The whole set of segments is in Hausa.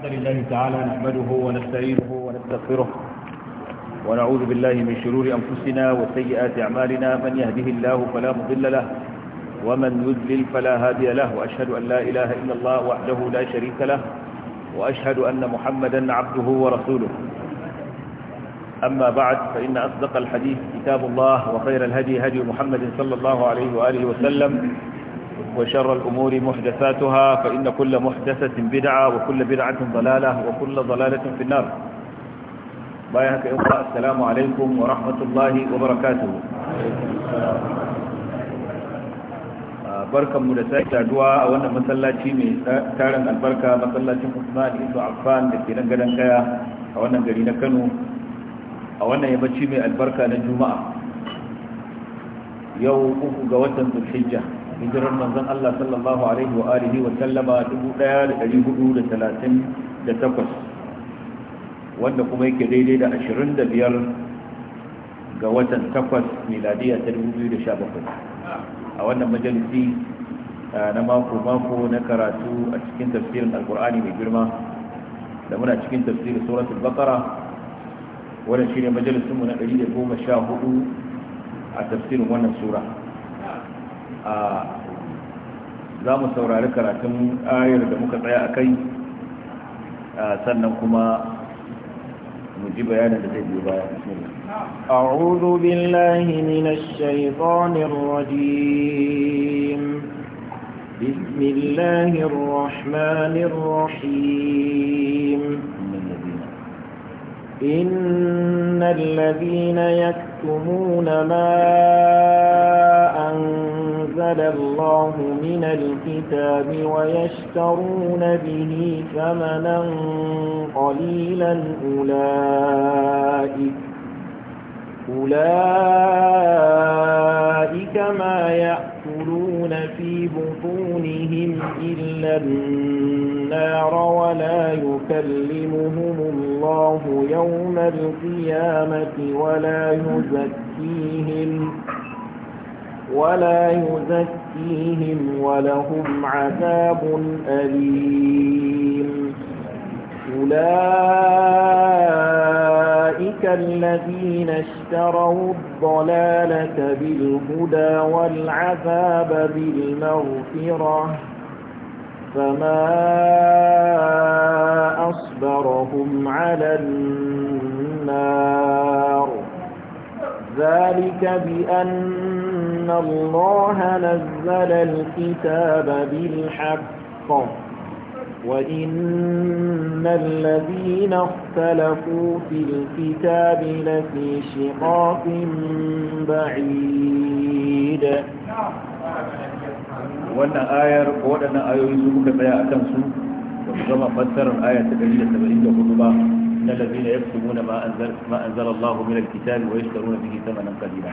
الحمد لله تعالى نحمده ونستعينه ونستغفره ونعوذ بالله من شرور أنفسنا وسيئات أعمالنا من يهده الله فلا مضل له ومن يذلل فلا هادي له وأشهد أن لا إله إلا الله وحده لا شريك له وأشهد أن محمدا عبده ورسوله أما بعد فإن أصدق الحديث كتاب الله وخير الهدي هدي محمد صلى الله عليه وآله وسلم وشر الأمور محدثاتها فإن كل محدثة بدعة وكل بدعة ضلالة وكل ضلالة في النار بايهك إنساء السلام عليكم ورحمة الله وبركاته barkanmu da sake saduwa a wannan masallaci mai tarin albarka masallacin usman ibn affan da ke nan gadan a wannan gari na kano a wannan yabaci mai albarka na juma'a yau uku ga watan zulhijja hijirar manzon Allah sallallahu alaihi wa alihi wa sallama 1438 wanda kuma yake daidai da 25 ga watan 8 miladiya ta 2017 a wannan majalisi na mako-mako na karatu a cikin tafsirin alkur'ani mai girma da muna cikin tafsirin suratul baqara shi ne majalisunmu na 114 a tafsirin wannan sura a za mu saurari karatun ayar da muka tsaya a kai sannan kuma mu ji bayanin da zai biyo baya أعوذ بالله من na الرجيم بسم الله الرحمن إن الذين يكتمون ما أنزل الله من الكتاب ويشترون به ثمنا قليلا أولئك أولئك ما يأكلون في بطونهم إلا النار ولا يكلمهم الله يوم القيامة ولا يزكيهم ولا يزكيهم ولهم عذاب أليم أولئك الذين اشتروا الضلالة بالهدى والعذاب بالمغفرة فما أصبرهم على النار ذلك بأن الله نزل الكتاب بالحق وإن الذين اختلفوا في الكتاب لفي شقاق بعيد wannan ayar ko waɗannan ayoyi su kuka tsaya a kansu ba su zama fassarar aya ta da da saba'in hudu ba na labina ya fi anzal ma anzal Allah min alkitabi wa ya yashtaruna bihi thamanan qalila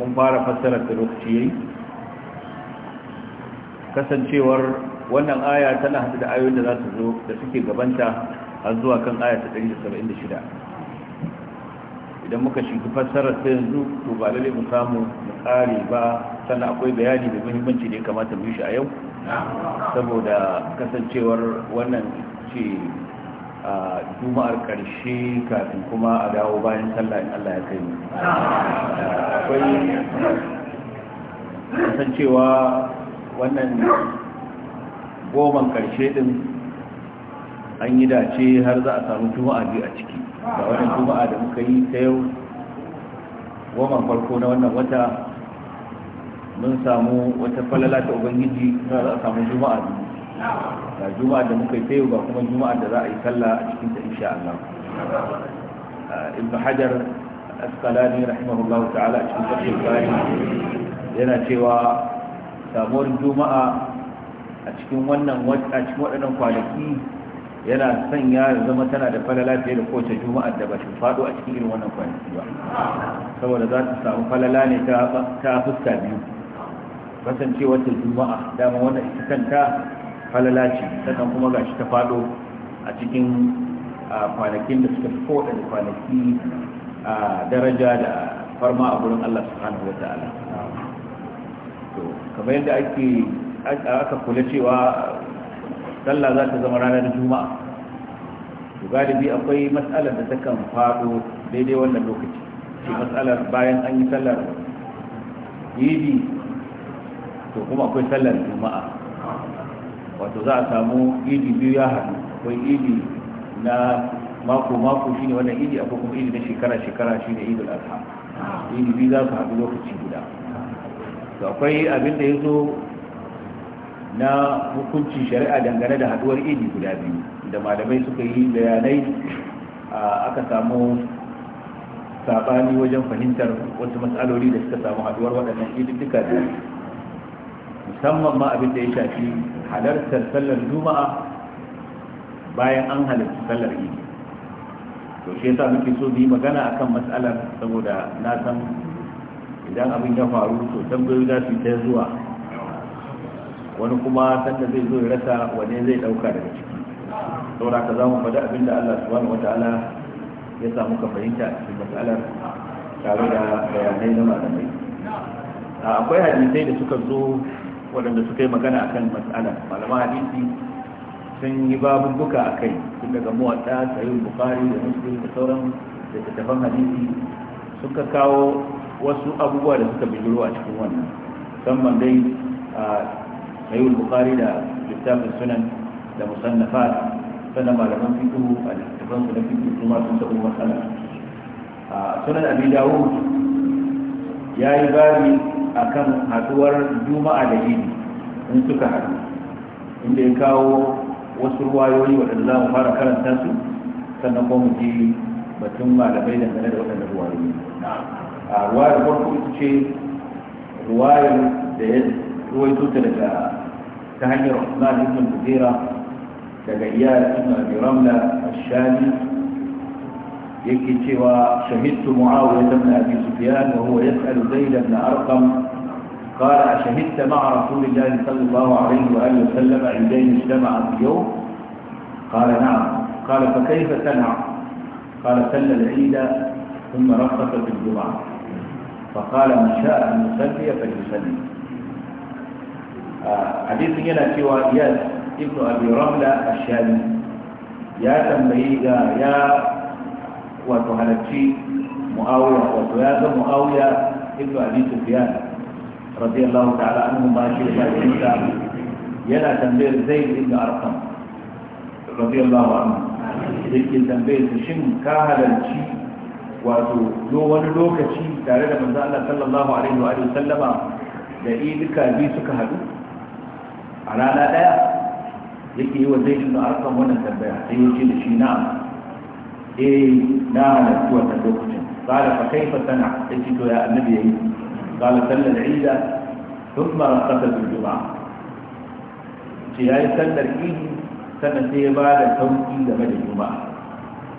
mun fara fassarar ta lokaci yayi kasancewar wannan aya tana hadu da ayoyin da za su zo da suke gabanta har zuwa kan aya ta shida. idan muka shiga fassarar ta yanzu to ba lalle mu samu mu kare ba sannan akwai bayani da muhimmanci da ya kamata mu yi shi a yau saboda kasancewar wannan ce a juma'ar karshe kafin kuma a dawo bayan sallah in Allah ya kai mu akwai kasancewa wannan goman karshe din an yi dace har za a samu juma'a biyu a ciki da wannan juma'a da muka yi ta yau goman farko na wannan wata mun samu wata falala ta ubangiji za a samu juma'a da juma'a da muka yi ta yau ga kuma juma'a da za a yi sallah a cikin ta insha Allah ah, ibn hajar asqalani rahimahullahu ta'ala a cikin tafsir bari yana cewa samuwar juma'a a cikin wannan a cikin waɗannan kwanaki yana sanya ya zama tana da falala fiye da kowace juma'a da ba shi faɗo a cikin irin wannan kwanaki ba saboda za ta samu falala ne ta fuska biyu kasancewar da juma'a dama wannan ita kanta falala ce sannan kuma gashi ta fado a cikin kwanakin da suka fi da kwanaki a daraja da farma a gurin Allah subhanahu wa ta'ala to kamar yadda ake aka kula cewa sallah za ta zama ranar juma'a to galibi akwai matsalar da takan fado daidai wannan lokaci shi matsalar bayan an yi sallar yidi to kuma akwai sallar juma'a wato za a samu idi biyu ya haɗu akwai idi na mako mako shi ne wannan idi akwai kuma idi na shekara shekara ne idul adha idi biyu za su haɗu lokaci guda to akwai abin da ya zo na hukuncin shari'a dangane da haduwar idi guda biyu da malamai suka yi bayanai aka samu sabani wajen fahimtar wasu matsaloli da suka samu haduwar waɗannan Idi duka da musamman ma abin da ya shafi halartar sallar juma'a bayan an halarci sallar idi to shi yasa muke so yi magana akan matsalar saboda na san idan abin ya faru to tambayoyi za su ta zuwa wani kuma sanda zai zo ya rasa wani zai dauka daga ciki saboda ka za mu faɗi abin da Allah subhanahu wataala ya sa muka fahimta a cikin matsalar tare da bayanai na malamai akwai hadisai da suka zo waɗanda suka yi magana a kan matsala malaman hadisi sun yi babin buka a kai tun daga muwatsa sayin bukari da musulun da sauran littattafan hadisi suka kawo wasu abubuwa da suka bijiro a cikin wannan musamman dai a sayin bukari da littafin sunan da musannafa sannan malaman fito a littafan su na su kuma sun taɓo matsala sunan abin dawo ya yi bari akan haduwar juma'a da yini in suka haɗu inda ya kawo wasu ruwayoyi waɗanda za mu fara karanta su sannan kuma mu ji batun malamai dangane da waɗanda ruwayoyi a ruwayar farko ita ce ruwayar da ya ruwai ta daga ta hanyar Usman ibn Mughira daga Iyad ibn Abi Ramla ash-Shami يمكن سوى شهدت معاوية بن أبي سفيان وهو يسأل زيد بن أرقم قال أشهدت مع رسول الله صلى الله عليه وآله وسلم عندين اجتمعا في يوم قال نعم قال فكيف تنع قال سل العيد ثم رخص في الجمعة فقال من شاء أن يصلي فليصلي آه، حديث هنا سوى إياس ابن أبي رملة الشامي يا تنبيه يا wato halarci mu'awiya wato ya ga mu'awiya ibnu abi sufyan radiyallahu ta'ala anhu ma shi da bakinsa yana tambayar zaid ibn arqam radiyallahu anhu yake tambayar su shin ka halarci wato zo wani lokaci tare da manzo Allah sallallahu alaihi wa sallama da idika bi suka hadu a rana daya yake yi wa zai ibn arqam wannan tambaya sai yake da shi na'am eh na halarci wannan lokacin qala fa kaifa sana yace to ya annabi yayi qala sallal ida thumma raqata bil juma'a ce yayi sallar idi sannan sai ya ba da sauki game da juma'a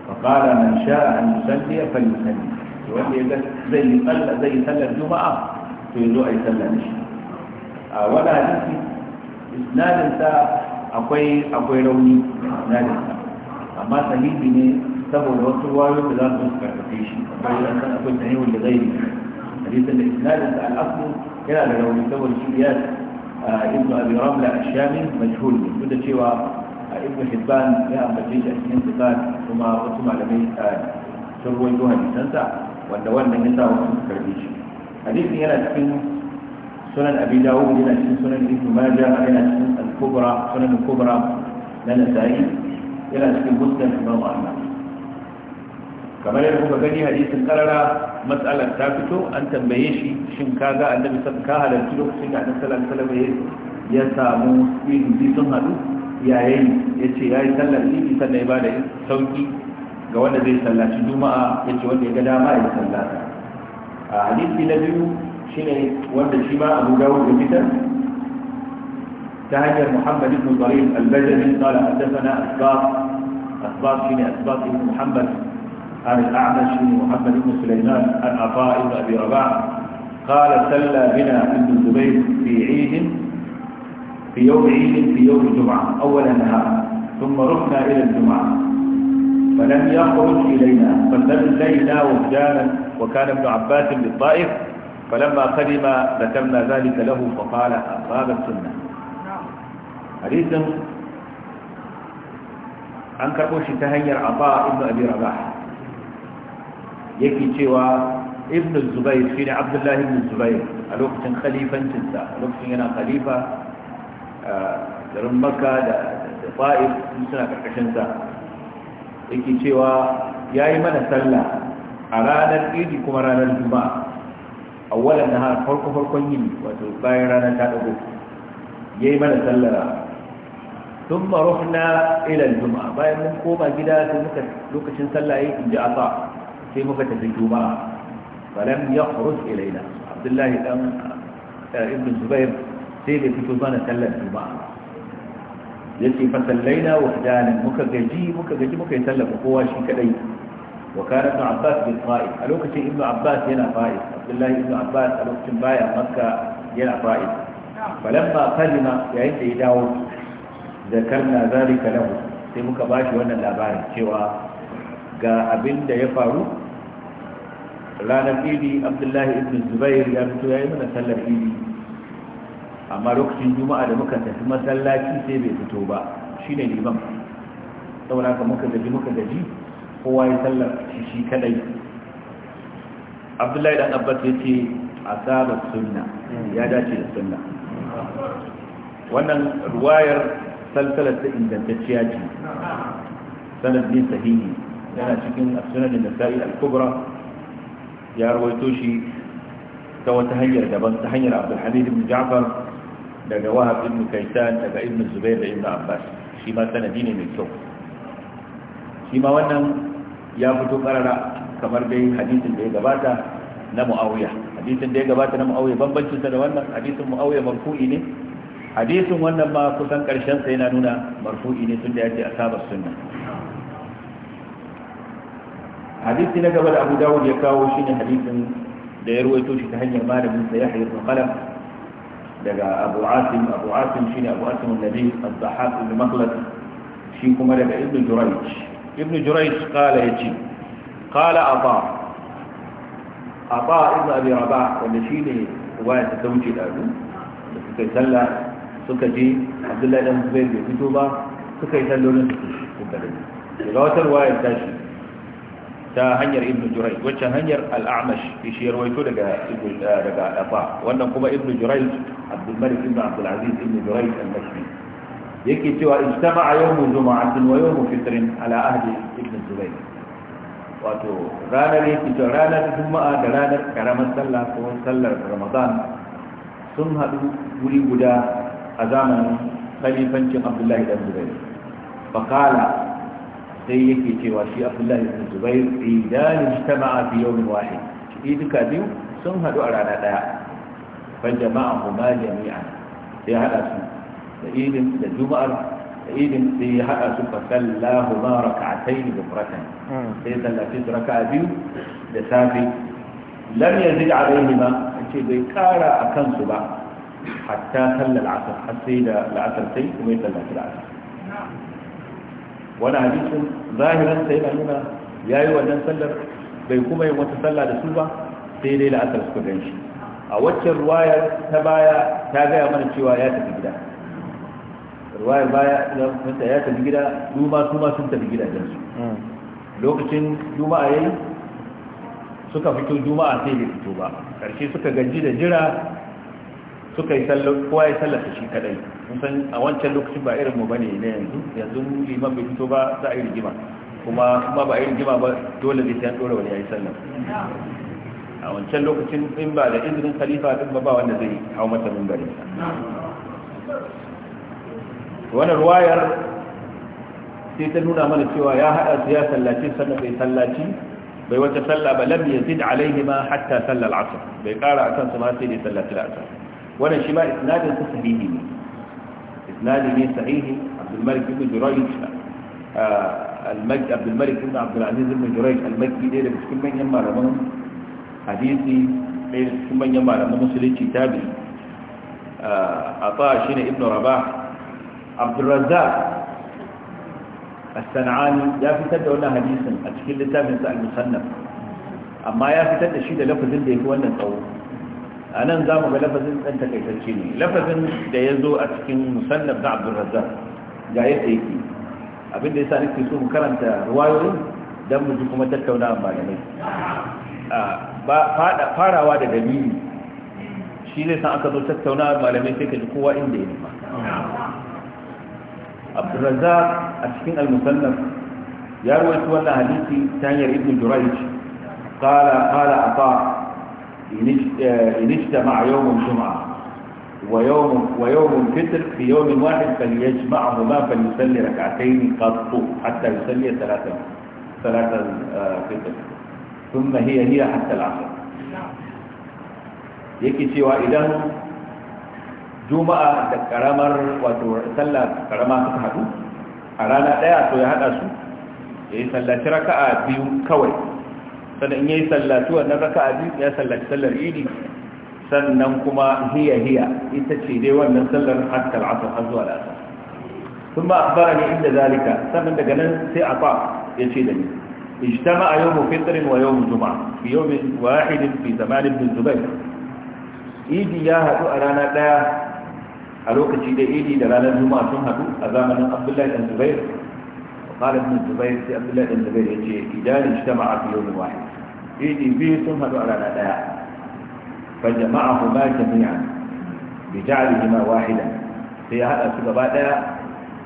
fa qala man sha'a an yusalli falyusalli wanda ya zai yi sallar zai yi sallar juma'a to yazo ai sallar shi a wani hadisi isnadin sa akwai akwai rauni isnadin sa amma sahihi ne تبعوا الوقت الواي وبلاد الانتفاعتيشن فقال لك أنا كنت هنيه لغيري حديث الإسلام انت الأصل كلا لو يتبعوا الشيئيات ابن أبي رملة الشامي مجهول كده شيء ابن حبان يا مجيش أسنين تقال ثم أرسم على مين سروا يدوها بسنسع والدوان من نساء وقت الكرديش حديثي هنا تكون سنن أبي داوود هنا تكون سنن ابن ماجه هنا تكون الكبرى سنن الكبرى لنسائي إلى أن يكون مسلم امام موضوع kamar yadda kuka gani hadisin karara matsalar ta fito an tambaye shi shin ka ga annabi ka halarci lokacin da annabi sallallahu alaihi wasallam ya samu ibi sun hadu yayin yace yayi sallar ibi sannan ya bada sauki ga wanda zai sallaci juma'a ya ce wanda ya ga dama ya sallata a hadisi na biyu shine wanda shi ma Abu Dawud ya fitar ta hanyar Muhammad ibn Zarif al-Bajali qala haddathana asbab asbab shine asbab ibn Muhammad عن الأعمش محمد بن سليمان عن عطاء بن أبي رباح قال سلى بنا ابن الزبير في عيد في يوم عيد في يوم الجمعة أول نهار ثم رحنا إلى الجمعة فلم يخرج إلينا فسلينا وجانا وكان ابن عباس للطائف فلما قدم ذكرنا ذلك له فقال أصاب السنة حديث أنكر أوشي تهير عطاء ابن أبي رباح yake cewa ibn zubair shi ne abdullahi ibn zubair a lokacin khalifancinsa a lokacin yana khalifa garin makka da fa'ir suna karkashinsa yake cewa ya yi mana sallah a ranar idi kuma ranar juma'a a wannan har farko farkon yin wato bayan rana ta dago ya yi mana sallah sun na ilal juma'a bayan mun koma gida sai muka lokacin sallah ya yi asa sai muka tafi juma'a falam ya khuruj ilaina abdullahi dan eh, ibn zubair sai bai fito mana sallar juma'a ce fa sallaina wahdana muka gaji muka gaji muka yi sallar kowa shi kadai wa kana ibn abbas bin qa'id a lokacin ibn abbas yana fa'id abdullahi ibn abbas a lokacin baya makka yana fa'id falamma kalima yayin da ya dawo zakarna zalika lahu sai muka bashi wannan labarin cewa ga abin da ya faru ranar idi abdullahi ibn zubair ya fito ya yi mana sallar idi amma lokacin juma'a da muka tafi masallaci sai bai fito ba shi ne liman saboda haka muka gaji muka gaji kowa ya sallar shi kadai abdullahi dan abbas ya ce a saba sunna ya dace da sunna wannan ruwayar salsalar ta ingantacciya ce sanadin sahihi yana cikin sunan da sa'i al-kubra ya rawaito shi ta wata hanyar daban ta hanyar abdulhamid ibn ja'far daga wahab ibn kaitan daga ibn zubair da ibn abbas shi ma sanadi ne mai kyau shi ma wannan ya fito karara kamar dai hadisin da ya gabata na muawiya hadisin da ya gabata na muawiya bambancin sa da wannan hadisin muawiya marfu'i ne hadisin wannan ma kusan karshen sa yana nuna marfu'i ne tunda ya ce asaba sunna hadisi na gaba da abu dawud ya kawo shi ne hadisin da ya ruwaito shi ta hanyar malamin sa ya ibn khalaf daga abu asim abu asim ne abu asim annabi az-zahab ibn makhlad shi kuma daga ibn jurayj ibn jurayj qala yace qala aba aba ibn abi rabah wanda shine waya ta dauce da su da suka yi sallah suka je abdullahi dan zubair bai fito ba suka yi sallolin su suka daga wata ya tashi ta hanyar ibn jurayl wacce hanyar al'amash shi ya rawaito daga daga afa wannan kuma ibn jurayl abdul malik ibn abdul aziz ibn jurayl al-makki yake cewa istama yawm juma'atin wa yawm fitrin ala ahli ibn jurayl wato ranar yake cewa ranar juma'a da ranar karamar sallah ko sallar ramadan sun hadu wuri guda a zamanin khalifancin abdullahi ibn jurayl fa faqala sai yake cewa shi abdullahi ibn zubair idan ijtama'a fi yawmin wahid shi duka biyu sun hadu a rana daya fa jama'a huma jami'an sai hada su da idin da juma'ar da idin sai hada su fa sallahu ma rak'atayn bukhratan hmm. sai sallati raka'a biyu da safi lam yazid alaihima ce bai kara akan su ba hatta sallal asr har sai da la'asar sai kuma ya sallati la'asar wani hadisin zahiran sai yana nuna yi wannan sallar bai kuma yin wata sallah da su ba sai dai la'asar suka gan shi a waccan ruwayar ta baya ta gaya mana cewa ya tafi gida ruwayar baya ta ya tafi gida duma su ma sun tafi jinsu. Hmm. lokacin juma'a yayi suka fito juma'a sai bai fito ba karshe suka gaji da jira suka yi kowa ya sallata shi kadai san a wancan lokacin ba irin mu bane ne yanzu yanzu liman bai fito ba za a yi rigima kuma kuma ba a yi rigima ba dole zai san dora wani yayi sallar. a wancan lokacin in ba da izinin khalifa din ba ba wanda zai hau mata minbarin sa wannan ruwayar sai ta nuna mana cewa ya hada su ya sallaci sannan bai sallaci bai wata sallah ba lam yazid alaihima hatta sallal asr bai kara akan su ma sai ne sallati al-asr ولا شماء إثنادي صحيح يعني. إثنادي من صحيح عبد الملك بن جريج آه، المجد عبد الملك بن عبد العزيز بن جريج المكي دير بسكم من يما رمان حديثي بسكم من يما رمان مسلي كتابي أطاشين آه، ابن رباح عبد الرزاق السنعاني يا في تبدأ لنا حديثا أتكلم لتابن سأل مصنف أما يا في تبدأ شيء لفظ اللي هو أنه a nan za mu ga lafazin ɗan takaitacce ne lafazin da ya zo a cikin musallar na abdulrazzar ga yadda yake abin da ya sa nake so mu karanta ruwayoyin don mu ji kuma tattauna malamai farawa da dalili shi ne san aka zo tattauna malamai sai ka ji kowa inda ya nema abdulrazzar a cikin al-musannaf ya rawaito wannan hadisi ta hanyar ibn jurayj qala qala aqa يجتمع آه، يوم الجمعة ويوم, ويوم الفتر في يوم واحد فليجمعهما فليصلي ركعتين قط حتى يصلي ثلاثة ثلاثة آه، فطر ثم هي هي حتى العصر يكي سوى إذا جمعة كرامر وصلى كرامات الحدود أرانا لا يأتوا يهدى سوى إيه، يسلى تركعة آه، بيوم كوي sannan in yi sallatuwa na raka'a abin ya sallaci sallar idi sannan kuma hiya hiya ita ce dai wannan sallar hatta al-asr har zuwa al-asr ثم أخبرني عند ذلك سمن دقنا سيعطاء يشيدني اجتمع يوم فطر ويوم جمعة في يوم واحد في زمان ابن الزبير idi ya haɗu a rana ɗaya a lokaci da idi da ranar juma'a sun haɗu a zamanin abdullahi dan zubair ƙwalar ɗan zubair sai abdullahi ɗan zubair ya ce idan ijtama a fiye da ايدي فيه ثم هدوء على الأداء فجمعهما جميعا بجعلهما واحدا في هذا السبب أداء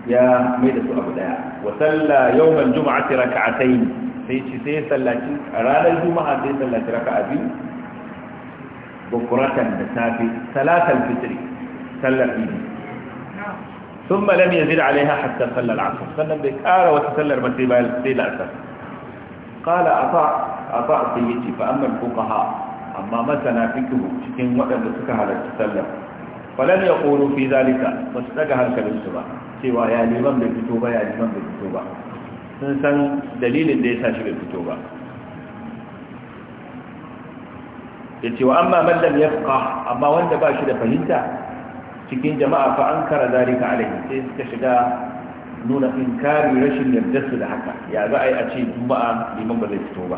يا ميدة أبو داء وسلى يوم الجمعة ركعتين في شيء سلى أرانا الجمعة في سلى ركعة بي بكرة بسافي ثلاثة الفتر سلى فيه ثم لم يزل عليها حتى صلى العصر صلى بك آرى وتسلى المسيبة قال أطاع a ba sun yi fa amma fuqaha amma masana fiqh cikin waɗanda suka halarci sallar sallah falan yaqulu fi zalika su daga hankalin su ba cewa ya liman bai fito ba ya liman bai fito ba sun san dalilin da ya sa shi bai fito ba yace wa amma mallam ya yafqa amma wanda ba shi da fahimta cikin jama'a fa kara zalika alaihi sai suka shiga nuna inkari rashin yarda su da haka ya za a yi a ce juma'a neman ba zai fito ba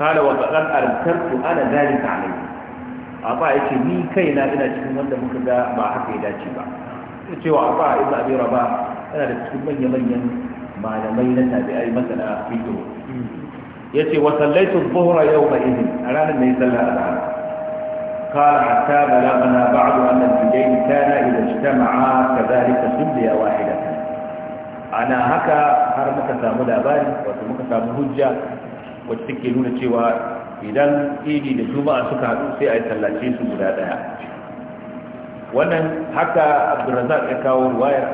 Kada wa qad arsaltu ana zalika alayhi aba ce ni kaina ina cikin wanda muka ga ba haka ya dace ba a aba ibnu abi ba, yana da cikin manya manyan malamai na tabi'ai masana Ya ce, wa sallaitu yau ba idin a ranar da ya sallar azhar قال حتى ta بعض أن الزوجين كان إذا اجتمعا كذلك سلية واحدة أنا هكا هرمك سامو لابان وسمك samu hujja. wacce take nuna cewa idan idi da juma'a suka haɗu sai a yi tallace su guda ɗaya wannan haka abdulrazak ya kawo ruwayar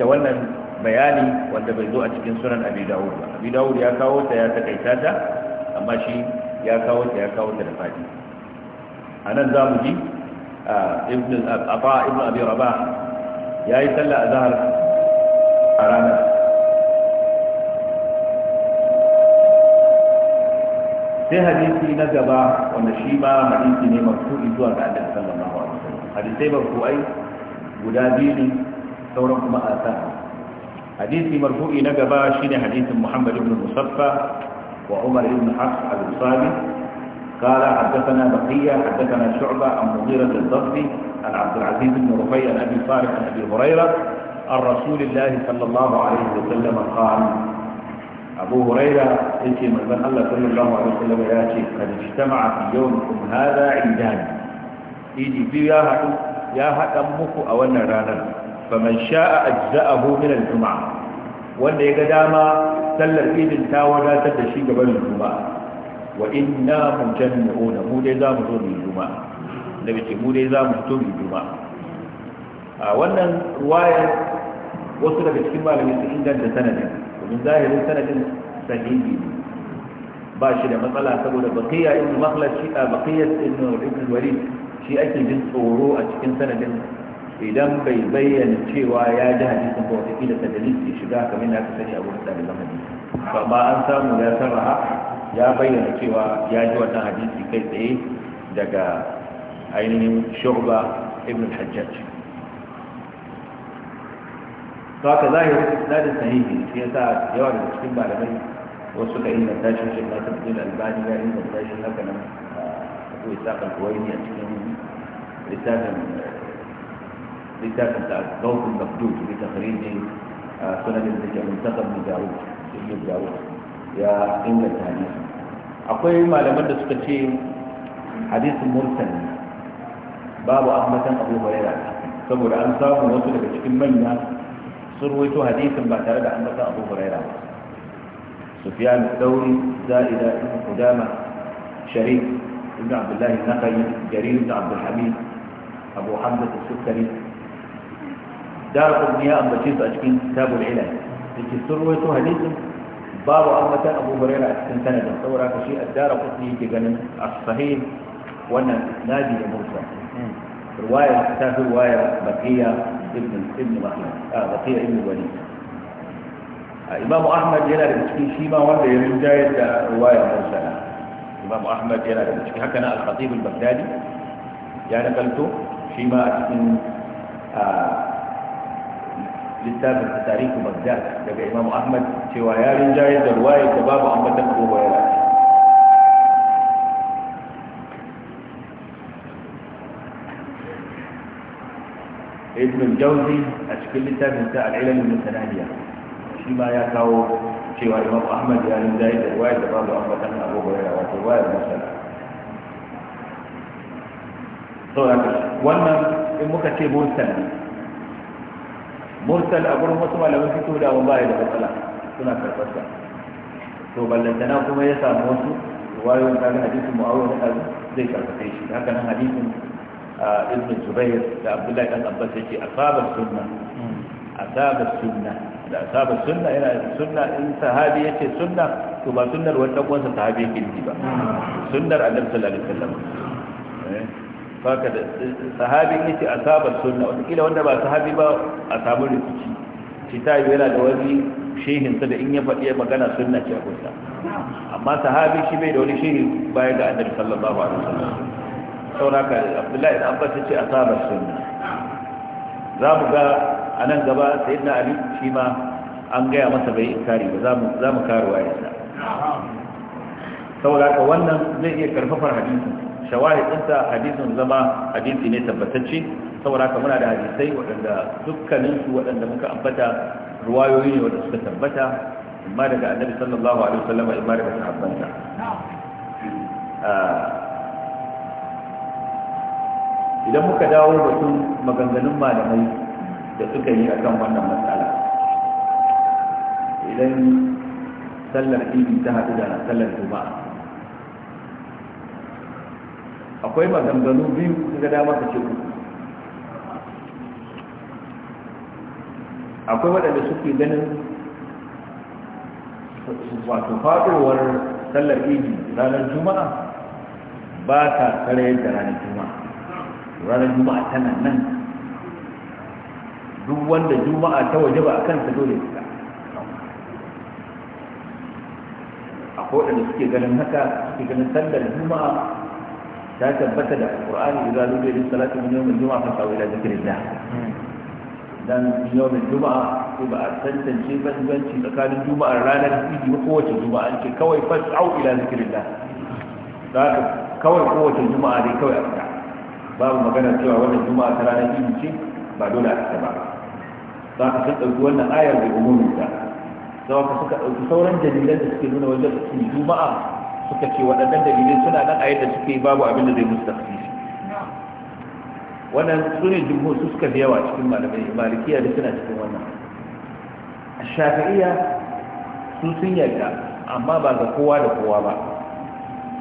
da wannan bayani wanda bai zo a cikin sunan abi dawud ba abi dawud ya kawo ta ya takaita ta amma shi ya kawo ta ya kawo ta da fadi anan zamu ji ibn al-aba ibn abi rabah yayi sallah zahar a ranar sai hadisi na gaba wanda shi ma hadisi ne marfu'i zuwa ga annabi sallallahu alaihi wasallam hadisi ba ku ai guda biyu ne sauran kuma a sa hadisi marfu'i na gaba shine hadisin Muhammad ibn Musaffa wa Umar ibn Hafs al-Sabi قال حدثنا بقية حدثنا شعبة عن مغيرة الضبي عن عبد العزيز بن رفيع عن أبي صالح عن أبي هريرة عن رسول الله صلى الله عليه وسلم قال abu huraira ce manzon Allah sallallahu alaihi wasallam ya ce kad ijtama'a fi yawmikum hadha idan idi bi ya hadu ya hada muku a wannan ranar faman sha'a ajza'ahu min al-jum'a wanda ya ga dama sallar idin ta wadatar da shi gaban juma'a wa inna mujammi'una mu dai za mu zo mu juma'a nabi ce mu dai za mu fito mu juma'a a wannan ruwayar wasu daga cikin malamai sun inganta sanadin domin zahirin sanadin sahihi ne ba shi da matsala saboda baqiya ibn makhlad shi a baqiyat ibn walid shi ake jin tsoro a cikin sanadin idan bai bayyana cewa ya ji hadisin ba wata kila sanadin ke shiga kamar da aka sani a wurin dalilan hadisi amma an samu ya sarraha ya bayyana cewa ya ji wannan hadisi kai tsaye daga ainihin shurba ibn al-hajjaj to zahiri zahirin isnadin sahihi shi yasa yawa da cikin malamai wasu ka inda shi shi na ta tabbin albani ya inganta shi haka nan abu isa ne a cikin littafin littafin da gaukin mabdud bi takhrijin sunan da ke muntakar mu jaru shi ne jaru ya inganta hadisi akwai malaman da suka ce hadisin mursal babu ahmadan abu hurairah saboda an samu wasu daga cikin manya sun ruwaito hadisin ba tare da an masa abu huraira ba sufyan al-thawri za'ida ibn qudama sharif ibn abdullah an-naqi jarir ibn abd al-hamid abu hamza as-sukkari dar ibn ya ambace su a cikin kitabul ilal yake sun ruwaito hadisin babu ambatan abu huraira a cikin sanadin saboda ka shi ad-dar qutni yake ganin as-sahih wannan isnadi ya mursal riwaya ta riwaya baqiya ibn ibn mahmud a baqiya ibn walid imam ahmad yana da cikin shi ma wanda ya rinjaye da riwayar mursala imam ahmad yana da cikin haka na al-khatib al-baghdadi ya nakalto shi ma a cikin littafin tarihi baghdad daga imam ahmad cewa ya rinjaye yadda riwayar da babu ambatan ko bayana ابن الجوزي أشكل من ساعه العلم المتنانية شيء ما يكاو شيء وإمام أحمد يا لنزاي دواية دواية دواية احمد تنى أبو بريرا ودواية مثلا صورة وانا إمكا شيء مرسل مرسل أبو المسمى لو يفتو دعوة الله إذا بطلع سنة كالفتا تو بلن تناكم يسا موسو وايو كان حديث معاوية هذا زي كالفتيشي هكذا حديث ibn Zubair da Abdullahi dan Abbas yake asaba sunna asaba sunna da asaba sunna yana sunna in sahabi yace sunna to ba sunnar wanda kwansa sahabi yake ji ba sunnar Annabi sallallahu alaihi wasallam faka da sahabin yace asaba sunna wanda kila wanda ba sahabi ba a samu rikici shi ta yi yana da wani shehinsa da in ya faɗi ya magana sunna ce a kusa amma sahabi shi bai da wani shehi bayan da annabi sallallahu alaihi wasallam sauraka abdullahi da abbas ce a sabar sunna za mu ga a nan gaba sai na ali shi ma an gaya masa bai inkari ba za mu karuwa waye. sa sauraka wannan zai iya karfafar hadisin shawahid ɗinsa hadisin zama hadisi ne tabbatacce sauraka muna da hadisai waɗanda dukkaninsu waɗanda muka ambata ruwayoyi ne waɗanda suka tabbata imma daga annabi sallallahu alaihi wasallam imma daga sahabbansa ah, idan muka dawo batun maganganun malamai da suka yi akan wannan matsala idan sallar idi ta haɗu da sallar juma'a akwai maganganu biyu suka dama ka ce akwai waɗanda suke ganin wato faɗowar sallar idi ranar juma'a ba ta tsare da ranar juma'a ranar juma'a tana nan duk wanda juma'a ta waje ba a kansa dole fita a kodanda suke ganin haka suke ganin sandar juma'a ta tabbata da alƙur'ani idan zuwa yin salatu min yawmin juma'a fa sa'u ila zikrillah dan yawmin juma'a ko ba a tantance banbanci tsakanin juma'ar ranar idi ko kowace juma'a ce kawai fa sa'u ila zikrillah za kawai kowace juma'a dai kawai a fita babu magana cewa wannan juma'a ta ranar idi ce ba dole a ta ba za ka san ɗauki wannan ayar da umumin ta sau ka suka ɗauki sauran dalilan da suke nuna wajen su juma'a suka ce waɗannan dalilai suna nan a yadda suke babu abin da zai musu tafsiri wannan su ne jumhur su suka da yawa cikin malamai malikiya da suna cikin wannan a shafi'iya su sun yarda amma ba ga kowa da kowa ba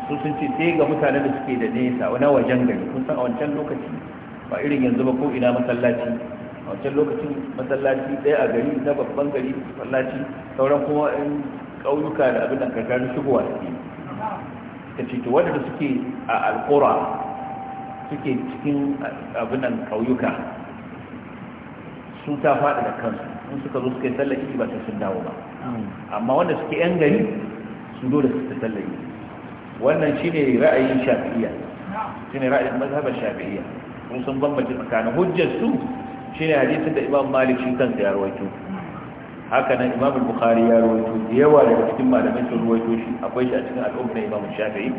su sun ce sai ga mutanen da suke da nesa wani wajen gari kun san a wancan lokaci ba irin yanzu ba ko ina masallaci a wancan lokacin masallaci ɗaya a gari na babban gari masallaci sauran kuma in ƙauyuka da abin da karkar shigowa suke ta ce to waɗanda suke a alƙura suke cikin abin da ƙauyuka su ta faɗi da kansu in suka zo suka yi tsallaki ba ta sun dawo ba amma wanda suke yan gari su dole su ta tsallaki wannan shine ra'ayin shafi'iyya shine ra'ayin mazhabar shafi'iyya mun sun bambance tsakanin hujjar su shine hadisin da Imam Malik shi kansa ya rawaito haka nan Imam Bukhari ya rawaito da yawa daga cikin malamai sun rawaito shi akwai shi a cikin al'umma al'ummar Imam Shafi'i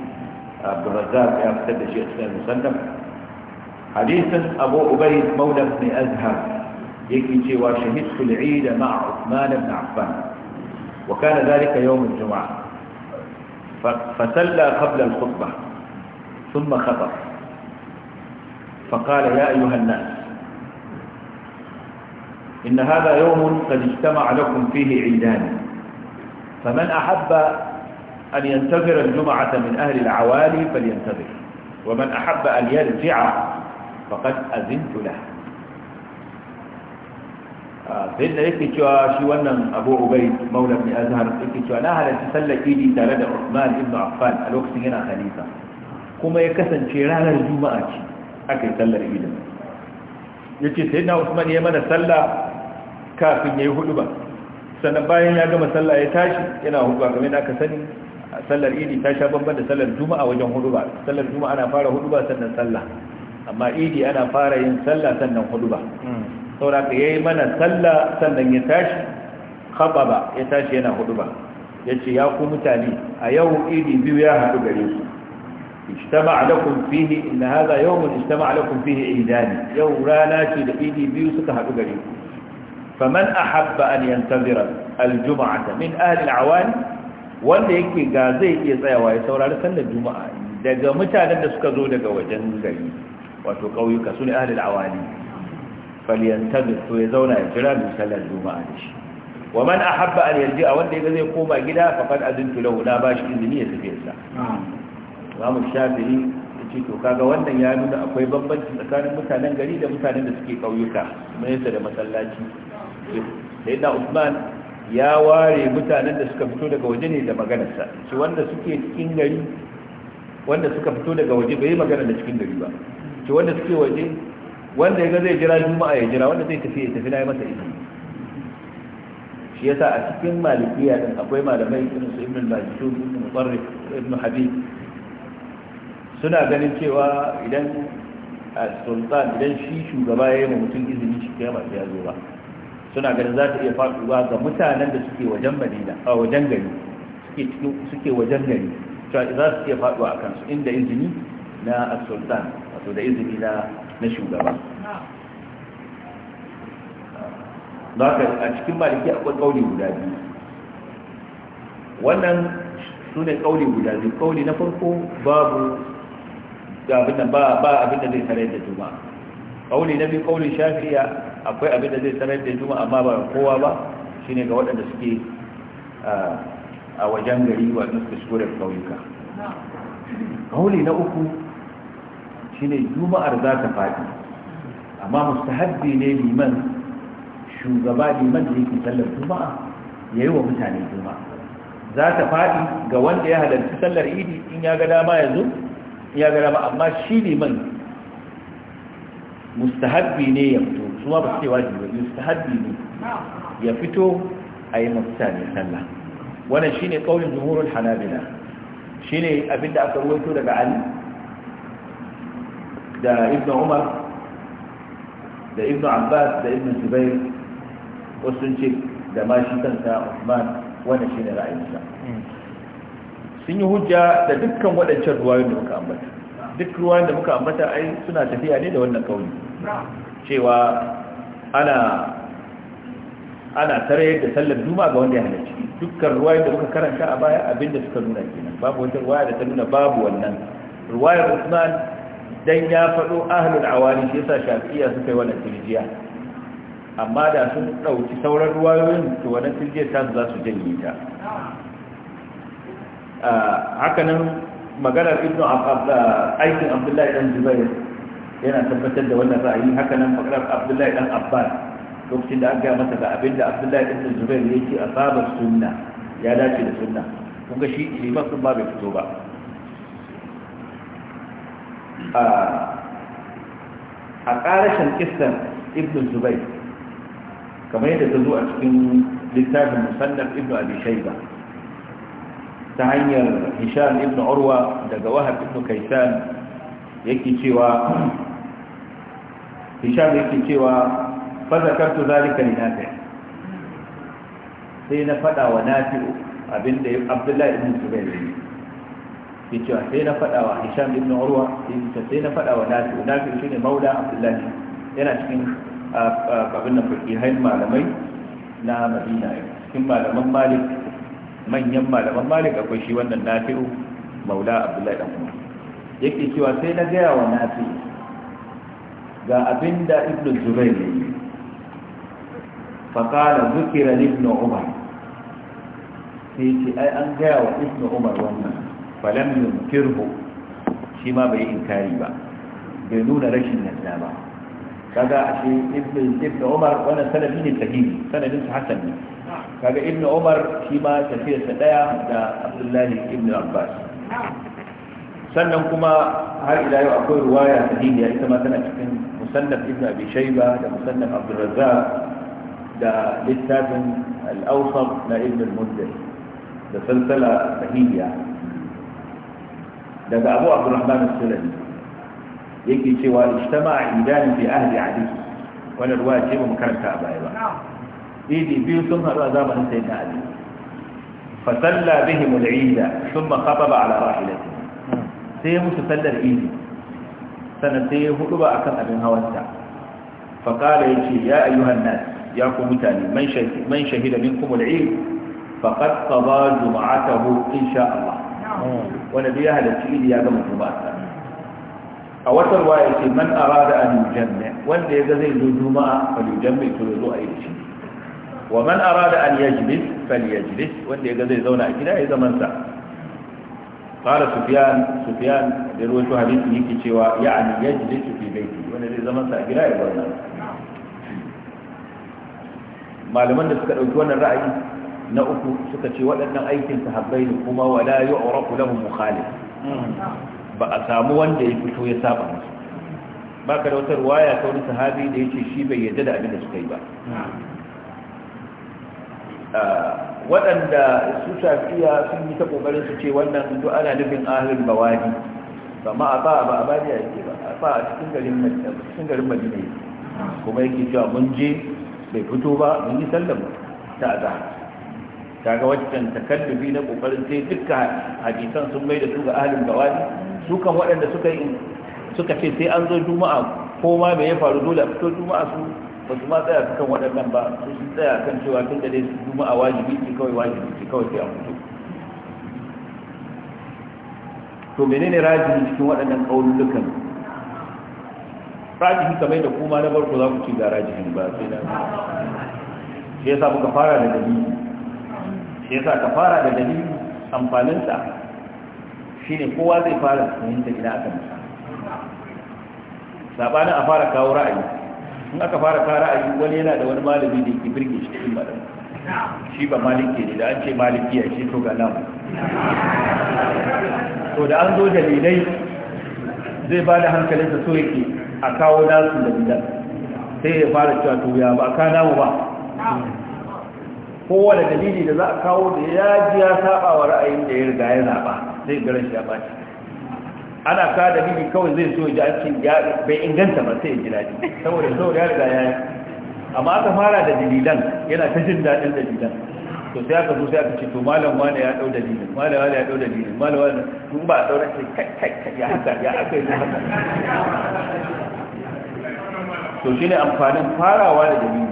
Abdul Razzaq ya fitar da shi a cikin Musannaf hadisin Abu Ubayd Mawla ibn Azhar yake cewa shahidtu al-Eid ma'a Uthman ibn Affan wa kana dhalika yawm al-Jum'ah فسلى قبل الخطبة ثم خطب فقال يا أيها الناس إن هذا يوم قد اجتمع لكم فيه عيدان فمن أحب أن ينتظر الجمعة من أهل العوالي فلينتظر ومن أحب أن يرجع فقد أذنت له Ah, sai da yake cewa shi wannan abu ubai maula mai azhar yake cewa na halarci sallar idi tare da Uthman ibn Affan a lokacin yana khalifa kuma ya kasance ranar juma'a ce aka yi sallar ya ce sai na Uthman ya mana sallah kafin yayi hudu ba sannan bayan ya gama sallah ya tashi yana hudu ba kamar da aka sani sallar idi ta sha bamban da sallar juma'a wajen hudu ba sallar juma'a ana fara hudu ba sannan sallah amma idi ana fara yin sallah sannan hudu ba hmm. saboda ka yayi mana sallah sannan ya tashi khababa ya tashi yana huduba yace ya ku mutane a yau idi biyu ya hadu gare su ijtama'a lakum fihi in hadha yawm ijtama'a lakum fihi idani yau rana ce da idi biyu suka hadu gare ku faman ahabba an yantazira aljum'ata min ahli alawani wanda yake ga zai iya tsayawa ya saurari sallar juma'a daga mutanen da suka zo daga wajen gari wato kauyuka su ne ahli alawani falyantabir to ya zauna ya jira mai sallar juma'a da shi wa man ahabba an yaji a wanda yaga zai koma gida faqad azintu lahu na shi izini ya tafi sa mu shafi yace to kaga wannan ya nuna akwai bambanci tsakanin mutanen gari da mutanen da suke kauyuka mai yasa da masallaci da Usman ya ware mutanen da suka fito daga waje ne da maganarsa shi wanda suke cikin gari wanda suka fito daga waje bai magana da cikin gari ba shi wanda suke waje wanda ya ga zai jira juma'a ya jira wanda zai tafi ya tafi na yi masa izini shi yasa a cikin malikiya din akwai malamai irin su ibn al-majid ibn mutarrif ibn habib suna ganin cewa idan a sultan idan shi shugaba ya yi mutum izini shi kiyama ya zo ba suna ganin za ta iya faɗuwa ga mutanen da suke wajen madina a wajen gari suke wajen gari za su iya faɗuwa a kansu inda izini na sultan wato da izini na na shugaba zaka a cikin maliki akwai kauli guda biyu wannan su ne kauli guda biyu kauli na farko babu ba abin da zai sanar da juma'a kauli na biyu kauli shafiya akwai abin da zai sanar da juma'a amma ba kowa ba shine ga waɗanda suke a wajen gari wa nuska shugurar ka. kauli na uku shine juma'ar za ta faɗi amma mustahabbi ne liman shugaba liman da yake sallar juma'a ya yi wa mutane juma'a za ta faɗi ga wanda ya halarci sallar idi in ya ga dama yanzu ya ga dama amma shi liman mustahabbi ne ya fito su ma ba su ce wajibi ba mustahabbi ne ya fito a yi mutane sallah wannan shine kaulin jumhurul hanabila shine abinda aka ruwaito daga ali da ibn umar da ibn abbas da ibn zubair wasu sun ce da ma shi kansa usman wannan shine ra'ayinsa sun yi hujja da dukkan waɗancan ruwayoyin da muka ambata duk ruwayoyin da muka ambata suna tafiya ne da wannan kauli cewa ana ana da sallar duma ga wanda ya halarci dukkan ruwayoyin da muka karanta a baya abinda suka nuna kenan babu wata ruwaya da ta nuna babu wannan ruwayar usman dan ya faɗo ahlul awali shi yasa shafi'iyya suka yi wannan tirjiya amma da sun ɗauki sauran ruwayoyin to wannan tirjiyar ta za su janye ta haka nan maganar ibnu aikin abdullahi dan zubair yana tabbatar da wannan ra'ayi haka nan maganar abdullahi dan abbas lokacin da an gaya masa ga abin da abdullahi dan zubair ya ce asaba sunna ya dace da sunna kuma shi liman sun ba bai fito ba a ƙarashin kistan ibn zubai kamar yadda ta zo a cikin littafin musallar ibn abishai ba ta hanyar hisham ibn urwa daga wahar ibn kaisan yake cewa hisham yake cewa fazakartu zalika ne nafi sai na fada wa nafi abinda abdullahi ibn zubai ne yake wa sai na faɗa wa hisham ibn urwa sai na faɗa wa nafi nafi shi ne maula abdullahi yana cikin abin da hain malamai na madina cikin malaman malik manyan malaman malik akwai shi wannan nafi maula abdullahi dan umar yake cewa sai na gaya wa nafi ga abinda ibn zubair ne faƙala zukira ibn umar sai ce ai an gaya wa ibn umar wannan falam yunkirhu shi ma bai inkari ba bai nuna rashin nasa ba kaga ashe ibn ibn Umar wannan sanadi ne sahihi sanadin sa hasan ne kaga ibn Umar shi ma tafiyar sa daya da Abdullahi ibn Abbas sannan kuma har ila yau akwai ruwaya sahihiya ita ma tana cikin musannaf ibn Abi Shayba da musannaf Abdul Razzaq da littafin al-Awsat na ibn al-Mundhir da salsala sahihiya daga abu abdurrahman al-sulami yake cewa ijtama idan fi ahli ali wani ruwa ce mu karanta a baya ba idi biyu sun haɗu a zamanin sayyidina ali fa salla bihim al-eid thumma khataba ala rahilatihi sai musu sallar idi sannan sai ya hudu ba akan abin hawanta fa qala yace ya ayyuhan nas ya ku mutane man shahida minkum al-eid faqad qada jum'atahu insha Allah wanda duk ya halarci idi ya gama juma'a a wata ruwa ya ce man arada an ne? wanda ya ga zai zo juma'a fa yujanna to ya zo a yi shi wa man arada an yajlis fal yajlis wanda ya ga zai zauna a gida ya zaman sa qala sufyan sufyan da ruwaito hadisi yake cewa ya ya'ani yajlisu fi baiti wanda zai zaman sa a gida ya zauna malaman da suka dauki wannan ra'ayi na uku suka ce waɗannan aikin sahabbai ne kuma wala yu'rafu lahum mukhalif ba a samu wanda ya fito ya saba musu ka da wata ruwaya ta wani sahabi da ya ce shi bai yarda da abin da suka yi ba ah, waɗanda su shafiya sun yi ta kokarin su ce wannan duk ana nufin ahlul bawadi ba ma ba ba ba a yake ba ba a cikin garin Madina kuma yake cewa mun je bai fito ba mun yi sallar ta azhar kaga waccan takallufi na kokarin sai dukkan hadisan sun mai da su ga ahlin gawani su kan waɗanda suka yi suka ce sai an zo juma'a ko ma me ya faru dole a fito juma'a su ba su ma tsaya kan waɗannan ba su sun tsaya kan cewa tun da dai juma'a wajibi ce kawai wajibi ce kawai sai a fito to menene rajin cikin waɗannan kaulukan rajin kamar da kuma na barko za ku ci ga rajin ba sai na shi yasa muka fara da dalili shi yasa ka fara da amfaninta amfaninsa ne kowa zai fara fahimta gida aka musa sabanin a fara kawo ra'ayi in aka fara kawo ra'ayi wani yana da wani malami da yake birge shi cikin madan shi ba maliki ne da an ce malikiya shi to ga nan to da an zo dalilai zai ba da hankalinsa so yake a kawo nasu da gidan, sai ya fara cewa to ya ba ka nawo ba kowane dalili da za a kawo da ya ji ya saba wa ra'ayin da ya riga ya zaba zai garin shi ya ɓaci ana ka dalili kawai zai so ji an ya, bai inganta ba sai ya ji daɗi saboda so ya riga ya yi amma aka fara da dalilan yana ta jin daɗin dalilan to sai aka zo sai aka ce to malam wani ya dau dalilin malam wani ya dau dalilin malam wani kun ba a daura ce kai kai kai ya haka ya haka ya haka to shine amfanin farawa da dalili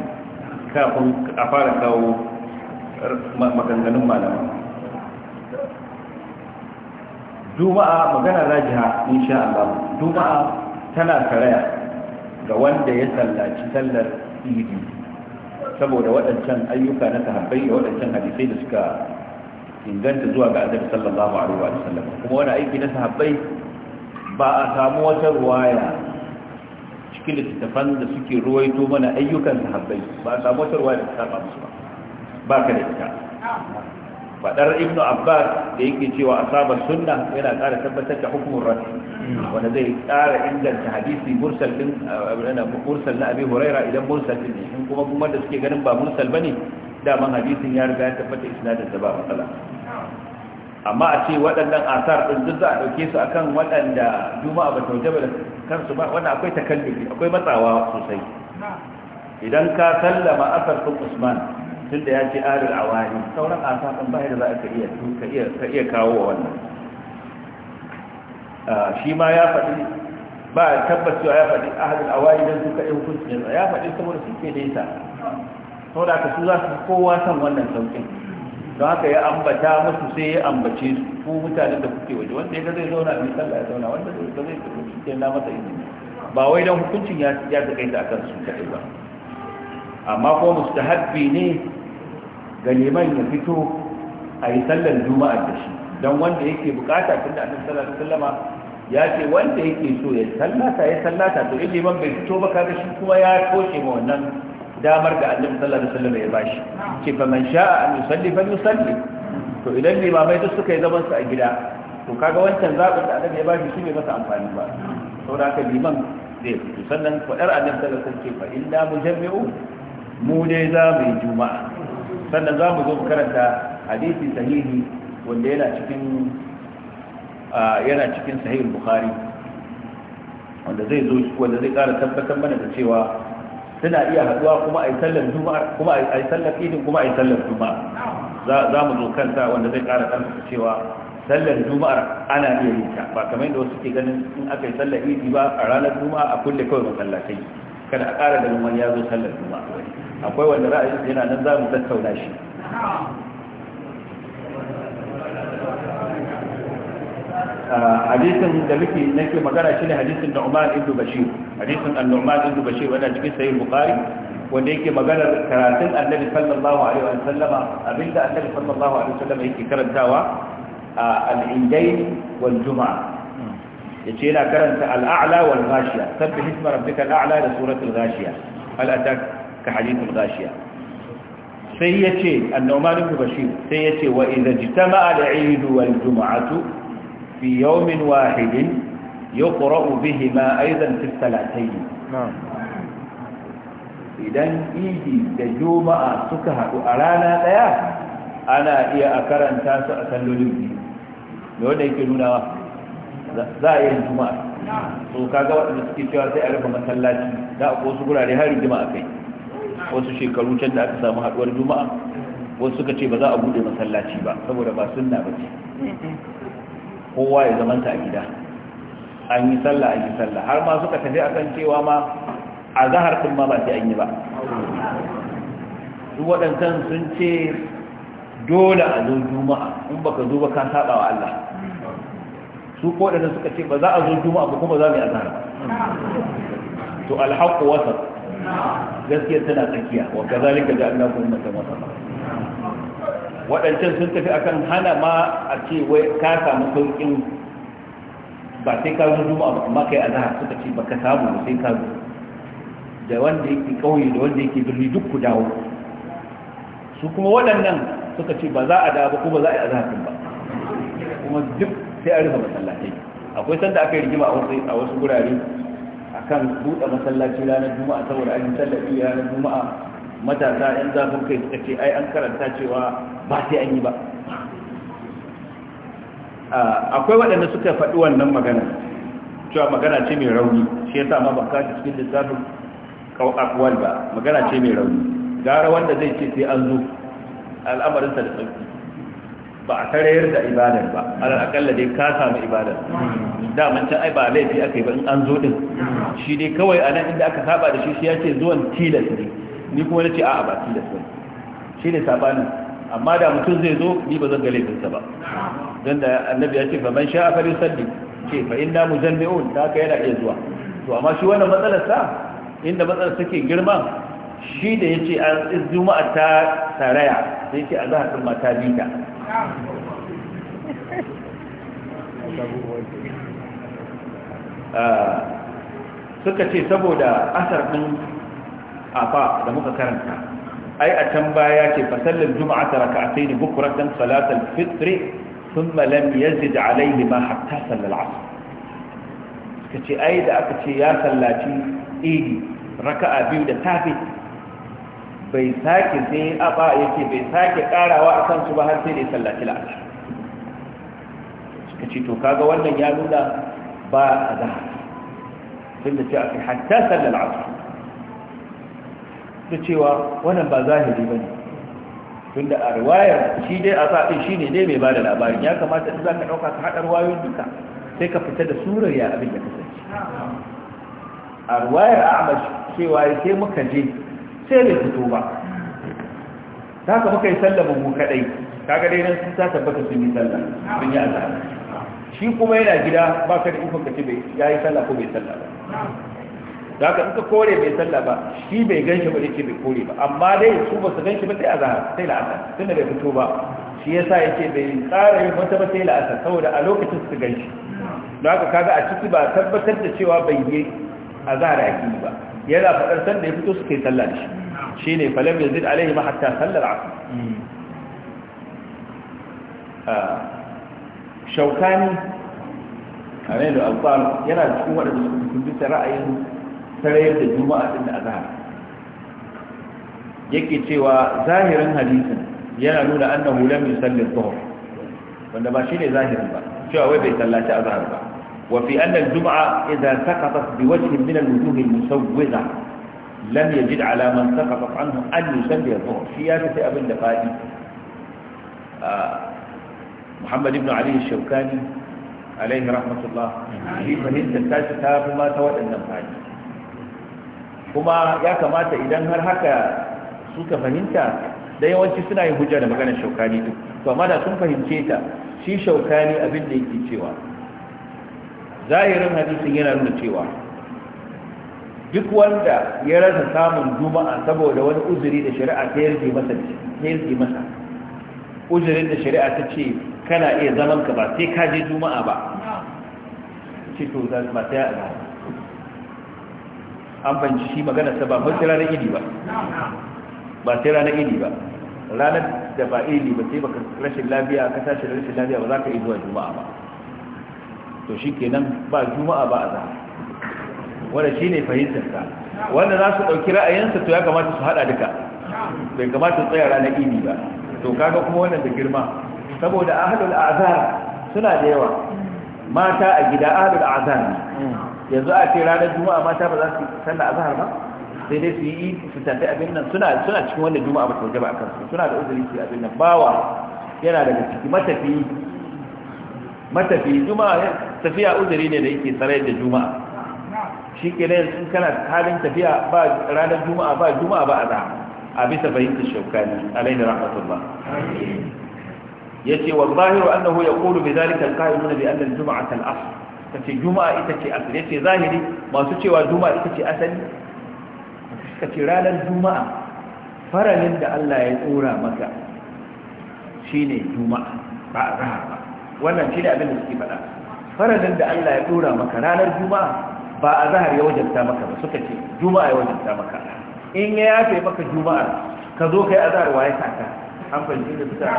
kafin a fara kawo maganganun malamai juma'a magana rajiha insha Allah juma'a tana karaya ga wanda ya sallaci sallar idi saboda waɗancan ayyuka na sahabbai da waɗancan hadisai da suka inganta zuwa ga annabi sallallahu alaihi wa sallam kuma wani aiki na sahabbai ba a samu wata ruwaya cikin littattafan da suke ruwaito mana ayyukan sahabbai ba a samu wata ruwaya da ta saba musu ba ba ka da ita fadar ibnu abbas da yake cewa asaba sunna yana ƙara tabbatar da hukumin rafi wanda zai ƙara inganta hadisi mursal din mursal na abi huraira idan mursal din in kuma kuma da suke ganin ba mursal bane daman hadisin ya riga ya tabbata isnadin da ba matsala amma a ce waɗannan asar ɗin duk za a ɗauke su akan waɗanda juma'a ba tauje ba da kansu ba wanda akwai takallufi akwai matsawa sosai idan ka sallama asar sun usman tun da ya ce a wani sauran asakan bayan da za a iya ka iya kawo wa wannan ah, shi ma ya faɗi ba tabbacewa ya faɗi a wani don suka yi hukunci yanzu ya faɗi saboda ke nesa da aka su za su kowa san wannan saukin don haka ya ambata musu sai ya ambace su ku mutanen da kuke waje wanda ya zai zauna mai sallah ya zauna wanda zai zai zai zai masa ba wai don hukuncin ya ta kai ta su kaɗai ba amma ko mustahabbi ne ga liman ya fito a yi sallar juma'a da shi don wanda yake bukata tun da annabi Sallar Sallama, wasallama ya ce wanda yake so ya sallata ya sallata to in liman bai fito ba kaga shi kuma ya toshe ma wannan damar da annabi sallallahu alaihi wasallama ya bashi ce fa man sha'a an yusalli fa yusalli to idan limamai duk suka yi zaman su a gida to kaga wancan zaɓin da annabi ya bashi shi bai masa amfani ba saboda haka liman zai fito sannan faɗar annabi sallallahu alaihi wasallam ce fa illa mujammi'u mu dai za mu yi juma'a sannan za mu zo mu karanta hadisi sahihi wanda yana cikin yana cikin sahihul bukhari wanda zai zo wanda zai kara tabbatar mana da cewa suna iya haduwa kuma a yi sallar juma'a kuma a yi sallar idin kuma a yi sallar juma'a za mu zo kanta wanda zai kara tabbatar cewa sallar juma'ar ana iya yin ta ba kamar yadda wasu ke ganin in aka yi sallar idi ba a ranar juma'a a kulle kawai masallatai kada a kara da wani ya zo sallar juma'a akwai wanda ra'ayin yana nan za mu tattauna shi hadisin da muke nake magana shine hadisin da Umar ibn Bashir hadisin an-Nu'man ibn Bashir wanda cikin sahih Bukhari wanda yake maganar karatun Annabi sallallahu alaihi wa sallama abinda Annabi sallallahu alaihi wa sallama yake karantawa al-Injail wal Juma'a yace yana karanta al-A'la wal Ghashiya sabbi hisma rabbika al-A'la da suratul Ghashiya hal atak ka gashiya sai ya ce annoman ibn bashir sai ya ce wa idza jitama'a al wal jum'atu fi yawmin wahidin yuqra'u bihima aidan fi salatayn idan idi da juma'a suka haɗu a rana ɗaya ana iya a karanta su a sallolin biyu da wanda yake nuna za a yi juma'a so kaga waɗanda suke cewa sai a rufe masallaci za a ko su gurare har juma'a kai wasu shekaru can da aka samu haduwar juma'a wasu suka ce ba za a bude masallaci ba saboda ba sunna ba ce kowa ya zamanta a gida an yi sallah an yi sallah har ma suka tafi a kan cewa ma a zahar din ma ba sai an yi ba su waɗancan sun ce dole a zo juma'a in baka zo ba ka saba wa Allah su ko da suka ce ba za a zo juma'a ba kuma za mu yi azhar to alhaqu wasat gaskiya tana tsakiya wa kazalika ko ummatan wasata waɗancan sun tafi akan hana ma a ce wai ka samu sauƙin ba sai ka zo juma'a ba amma kai azhar suka ce baka samu ba sai ka zo da wanda yake kauye da wanda yake birni duk ku dawo su kuma waɗannan suka ce ba za a dawo ba ko ba za a yi azhar ba kuma duk sai a rufe masallatai akwai sanda aka yi rigima a wasu gurare Kan buɗe masallaci ranar juma'a saboda an tallafi ranar juma'a matasa yan zafin kai suka ce ai an karanta cewa ba sai an yi ba akwai waɗanda suka faɗi wannan magana cewa magana ce mai rauni shi yasa ma ban kashi cikin lissafin kawakwal ba magana ce mai rauni gara wanda zai ce sai an zo al'amarinsa da sauki ba a karayar da ibadar ba alal akalla dai ka samu ibadar daman can ai ba laifi aka yi ba in an zo din shi dai kawai a nan inda aka saba da shi shi ce zuwan tilas ne ni kuma nace a'a ba tilas ba shi ne sabanin amma da mutum zai zo ni ba zan ga laifinsa ba don da annabi ya ce fa man sha'a falyusalli ce fa inna mujammi'un ta ka yana iya zuwa to amma shi wannan matsalar sa inda matsalar take girma shi da yace a juma'a ta saraya. sai ce a zahar din mata ta bita Ah, suka ce saboda asar ɗin afa da muka karanta ai a can baya ce fasallin juma'a ta raka'atai ne bukuratan salatar fitri sun malam yazid alaihi ma hatta sallar asar suka ce ai da aka ce ya sallaci raka raka'a biyu da tafi bai sake sai aba yake bai sake karawa a kansu ba har sai da ya sallaci la'asar suka ce to kaga wannan ya nuna ba a zahar tunda ce a fi hatta sallar asar da cewa wannan ba zahiri ba ne tunda a riwayar shi dai a zaɓin shi ne dai mai ba da labarin ya kamata in za ka ɗauka ka haɗar wayoyin duka sai ka fita da surar ya abin da kasance a riwayar a cewa sai muka je sai ya fito ba ta ka muka yi sallama mu kadai ga dai nan sun ta tabbata sun yi sallah sun yi azhar shi kuma yana gida ba ka da ikon ka ce bai yayi sallah ko bai sallah ba da ka ka kore bai sallah ba shi bai ganshi ba yace bai kore ba amma dai su ba su ganshi ba sai azhar sai la'asar tunda bai fito ba shi yasa ce bai tsara yin wata ba sai la'asar saboda a lokacin su ganshi da haka kaga a ciki ba tabbatar da cewa bai yi azhar yaki ba yana faɗar sanda ya fito suka yi sallah da shi shi ne falam yanzu ah, da alaihi mahatta sallar asu shaukani a rai da alfahar yana cikin waɗanda suka fi bisa ra'ayin sarayar da juma'a ɗin da azahar yake cewa zahirin hadisin yana nuna annahu lam yusalli dhuhr wanda ba shi ne zahirin ba cewa wai bai sallaci azahar ba وفي أن الجمعة إذا سقطت بوجه من الوجوه المسوغة لم يجد على من سقطت عنه أن يسلي الظهر سياسة أبن لقائي آه محمد بن علي الشوكاني عليه رحمة الله في فهمت التاسي تاب ما تود أن نمتعني كما يا كما تإذن هل هكا سوك فهمت da yawanci suna yin hujja da maganar shaukani duk to amma da sun fahimce ta shi shaukani abin da yake cewa zahirin hadisin yana nuna cewa duk wanda ya rasa samun juma'a saboda wani uzuri da shari'a ta yarje masa ta yarje masa uzurin da shari'a ta ce kana iya zaman ka ba sai ka je juma'a ba ce to za ma ta yi an ban shi magana ta ba mace ranar idi ba ba sai ranar idi ba ranar da ba idi ba sai baka rashin lafiya ka tashi da rashin lafiya ba za ka yi zuwa juma'a ba to shi kenan ba juma'a ba a zahar wanda shi ne fahimtarsa wanda za su ɗauki ra'ayinsa to ya kamata su haɗa duka bai kamata su tsaya ranar ibi ba to kaga kuma wannan da girma saboda ahalul azhar suna da yawa mata a gida ahalul azhar yanzu a ce ranar juma'a mata ba za su sallah azhar ba sai dai su yi su tafi abin nan suna suna cikin wannan juma'a ba ta waje ba akan su suna da uzuri su abin nan bawa yana daga ciki matafi matafi juma'a tafiya uzuri ne da yake sarai da juma'a shi ke nan sun kana halin tafiya ba ranar juma'a ba juma'a ba a za a bisa fahimtar shaukani alaihi rahmatullah yace wallahi annahu yaqulu bidhalika alqa'iluna bi anna aljum'ata al-asl tace juma'a ita ce asali yace zahiri masu cewa juma'a ita ce asali kace ranar juma'a faralin da Allah ya tsora maka shine juma'a ba azhar ba wannan shine abin da suke faɗa faradin da Allah ya dora maka ranar juma'a ba a zahar ya wajabta maka ba suka ce juma'a ya wajabta maka in ya yafe maka juma'a ka zo kai azhar waye saka an fahimci da suka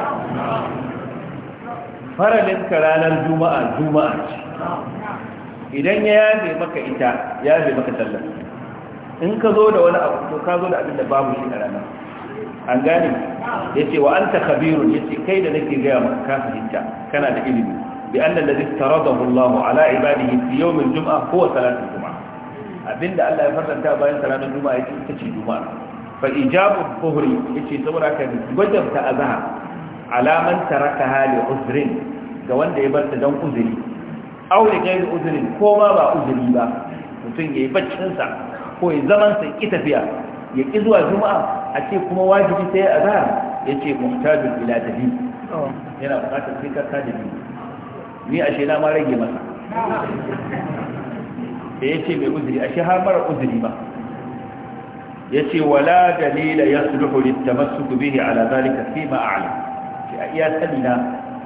faradin ka ranar juma'a juma'a ce idan ya yafe maka ita ya yafe maka sallah in ka zo da wani abu to ka zo da abin da babu shi a ranar an gane ya ce wa an ta khabirun ya ce kai da nake gaya maka ka fahimta kana da ilimi بأن الذي افترضه الله على عباده في يوم الجمعة هو صلاة الجمعة abinda Allah ya farlanta bayan salatin juma'a yake ita ce juma'a fa ijabu dhuhri yace saboda ka gwajabta azhar alaman taraka hali uzrin ga wanda ya barta dan uzuri aw da gairi uzrin ba uzuri ba mutum yayi baccin sa ko ya zaman sa ki tafiya ya ki zuwa juma'a a ce kuma wajibi sai azhar yace muhtajul ila dalil yana bukatar sai da ka ni ashe na ma rage masa da ya ce mai uzuri ashe har mara uzuri ba ya ce wala dalila ya ta masu bihi ala zalika fi ma a'lam shi a iya sani na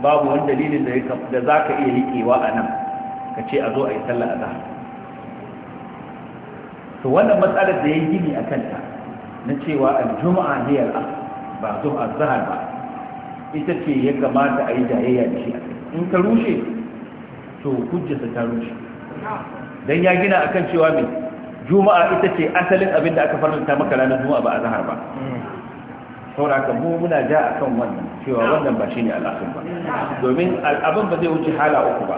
babu wani dalilin da za ka iya riƙewa a nan ka ce a zo a yi sallah a zahar to wannan matsalar da ya yi gini a kanta na cewa aljuma'a ne al'asar ba zo a zahar ba ita ce ya kamata a yi jayayya da shi a in ka rushe to hujjarsa ta rushe dan ya gina akan cewa me juma'a ita ce asalin abin da aka faranta maka ranar juma'a ba a zahar ba saboda ka mu muna ja akan wannan cewa wannan ba shine al'asun ba domin abin ba zai wuce hala uku ba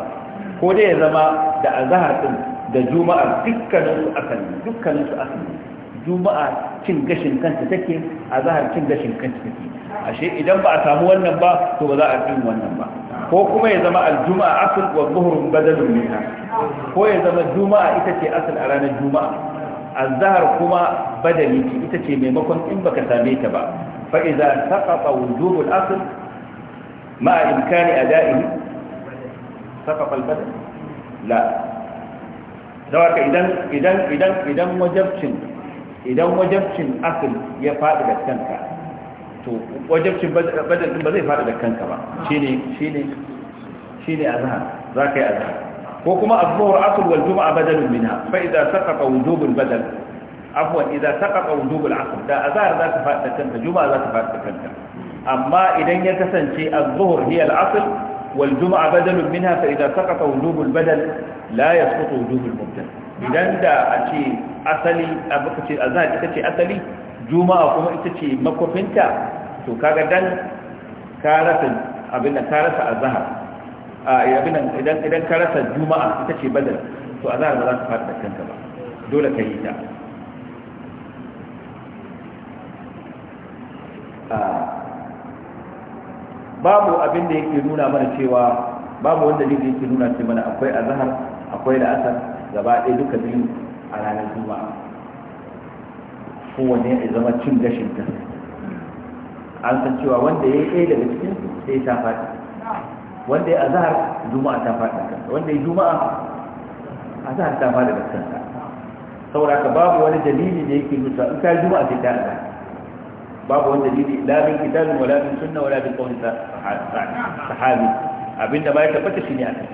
ko dai ya zama da azhar din da juma'a dukkanin su asali dukkanin su asali juma'a cin gashin kanta take azhar cin gashin kanta take ashe idan ba a samu wannan ba to ba za a yi wannan ba ko kuma ya zama a asal wa zuhurun badalun minha ko ya zama juma'a ita ce asal a ranar juma'a zahar kuma badali ita ce maimakon in baka same ta ba fa idza saqata wujubul asl ma imkani ada'ihi saqata al-badal la dawaka idan idan idan idan wajibcin idan wajibcin asl ya faɗi da kanka to wajabcin badar din ba zai fada da kanka ba shine shine shine za ka yi azhar ko kuma az-zuhr asr wal jum'a badalun minha fa idza saqata wujub al-badal afwan idza saqata wujub al-asr da azhar za ta fada kanka juma'a za ta fada kanka amma idan ya kasance az-zuhr hiya al-asr wal jum'a badalun minha fa idza saqata wujub badal la yasqutu wujub al-mubtada idan da a ce asali abuka ce azhar ita ce asali juma'a kuma ita ce makwafinta to kaga dan ka rasa abin da azhar a abin idan idan ka rasa juma'a ita ce badal to azhar ba za ka fara da kanka ba dole ka yi ta babu abin da yake nuna mana cewa babu wanda ne yake nuna ce mana akwai azhar akwai la'asar gaba ɗaya duka biyu a ranar juma'a kowanne ya zama cin gashin ta an san cewa wanda ya yi ɗaya daga cikin sai ta faɗi wanda ya azahar juma'a ta faɗi kansa wanda ya juma'a azahar ta faɗi daga kansa saboda ka babu wani dalili da yake nuna in ka juma'a sai ta azahar babu wani dalili la min kitabin wala min sunna wala min qawli sahabi abinda ba ya tabbata shine akai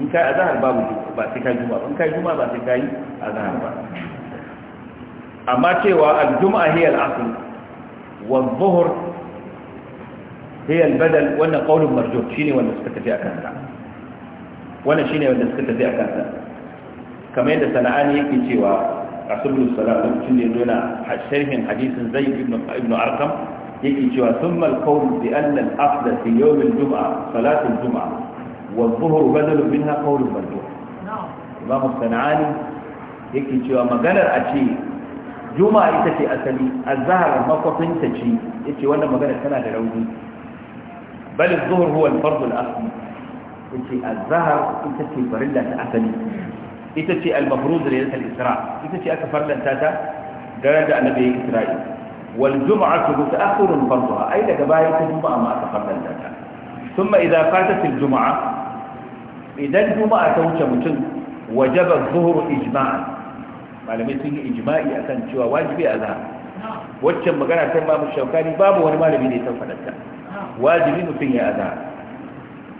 in ka azahar babu ba sai ka juma'a in ka juma'a ba sai ka yi azahar ba amma cewa al-jum'a hiya al-asl wa dhuhr hiya al-badal wannan qaulun marjuh shine wanda suka tafi a sa wannan shi ne wanda suka tafi a sa kamar yadda sana'ani yake cewa asbul salat lokacin da yana sharhin hadisin zaid ibn ibn arqam yake cewa thumma al-qawl bi anna al-afdal fi yawm juma'a juma salat al-jum'a wa dhuhr badal minha qaulun marjuh imam sana'ani yake cewa maganar a ce juma'a ita ce asali azhar makwafinta ce yace wannan magana tana da rauni bal az-zuhr huwa al-fard al-asli yace azhar ita ce farilla ta asali ita ce al-mafruz lailatul isra ita ce aka farlanta ta daren da annabi ya isra'i wal jum'atu muta'akhkhirun farduha ai daga baya ta juma'a ma aka farlanta ta thumma idza fatat al juma'a idan juma'a ta wuce mutum wajaba az-zuhr ijma'an malamai sun yi a kan cewa wajibi a zahar waccan magana ta babu shaukani babu wani malami ne san fadarta wajibi mutum ya azhar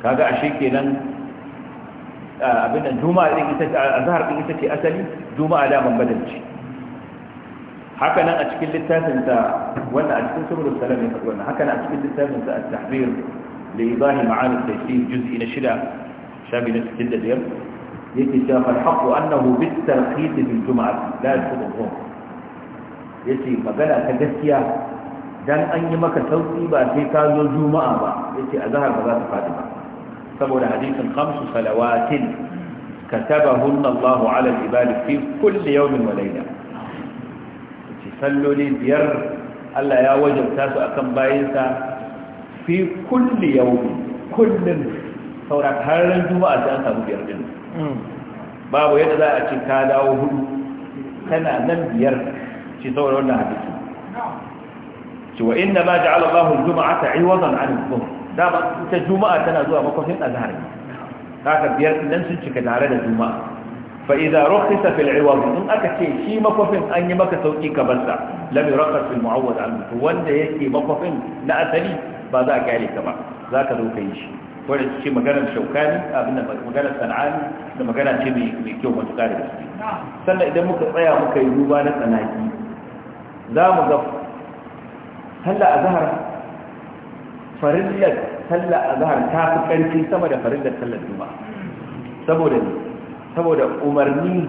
kaga ashe kenan abin nan juma'a din ita ce azhar din ita ce asali juma'a da man badalci haka nan a cikin littafin sa wannan a cikin subul salam ya faɗi wannan haka nan a cikin littafin sa at-tahbir li idahi ma'ani at-tafsir juz'i na 6 shabi na 65 يكي شاف الحق أنه بالترخيص في الجمعة لا يكون الظهر يكي فقال أتجسيا دان أن يمك توصيب أتيكا يجوم أبا يكي أظهر بذات فاتمة سبول حديث خمس صلوات كتبهن الله على الإبال في كل يوم وليلة يكي سلوا لي بير ألا يا وجب تاسو أكم بايسا في كل يوم كل ثورة هارجوا أتيكا يجوم أبا babu yadda za a ce ka dawo hudu Tana nan biyar ci saboda wannan hadisi ci wa inna ma ja'ala Allahu al-jum'ata 'iwadan 'an al-dhuhr dama ita juma'a tana zuwa makofin azhar haka biyar nan sun cika tare da juma'a fa idza rukhisa fil 'iwad in aka ce shi makofin an yi maka sauki ka barsa lam yurqas fil mu'awwad 'an wanda yake makofin na asali ba za ka kare ka ba za ka zo ka yi shi wadda ce maganar shaukani abin da maganar sana'ani da magana ce mai kyau matuƙa da gaske sannan idan muka tsaya muka yi duba na tsanaki za mu ga sallah a zahar farillar sallah a zahar ta fi ƙarfi sama da farillar sallar juma saboda ne saboda umarni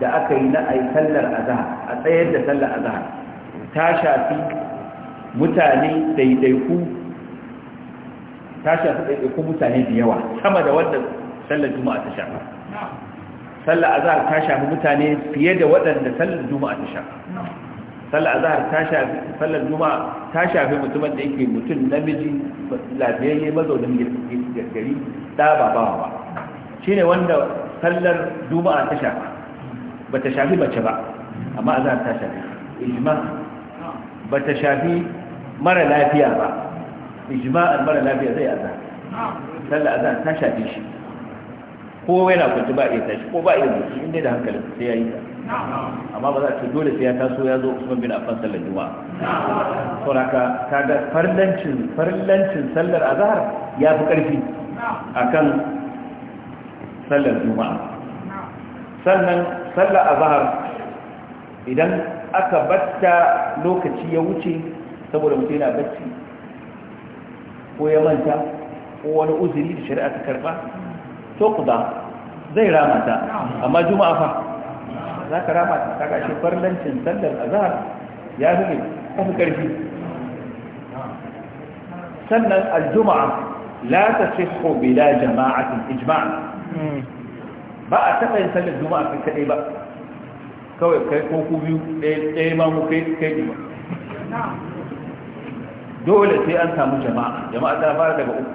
da aka yi na a yi sallar a zahar a tsayar da sallar a zahar ta shafi mutane daidaiku ta shafi ɗaiɗaikun mutane da yawa sama da wanda sallar juma'a ta shafa sallar azahar ta shafi mutane fiye da waɗanda sallar juma'a ta shafa sallar azahar ta shafi sallar juma'a ta shafi mutumin da yake mutum namiji lafiyayye mazaunin gari da ba ba ba ne wanda sallar juma'a ta shafa ba ta shafi mace ba amma azahar ta shafi ijma ba ta shafi mara lafiya ba ijma'an mara lafiya zai azan sallar azan ta shafi shi ko yana kwanci ba iya tashi ko ba iya zuci inda da hankalin sai ya yi ta amma ba za a ce dole sai ya taso ya zo usman bin affan sallar juma'a sauraka ta ga farlancin farlancin sallar azahar ya fi karfi akan sallar juma'a sannan sallar azahar idan aka batta lokaci ya wuce saboda mutum yana bacci ko ya manta ko wani uzuri da shari'a ta karba to kuda zai ramata amma juma'a fa za ka ramata ta gashi farlancin sallar azhar ya fi kafi karfi sannan aljuma'a la ta sihu bila jama'atin ijma' ba a taɓa yin sallar juma'a kai kaɗai ba kawai kai ko ku biyu ɗaya ma mu kai kai ba dole sai an samu jama'a jama'a ta fara daga uku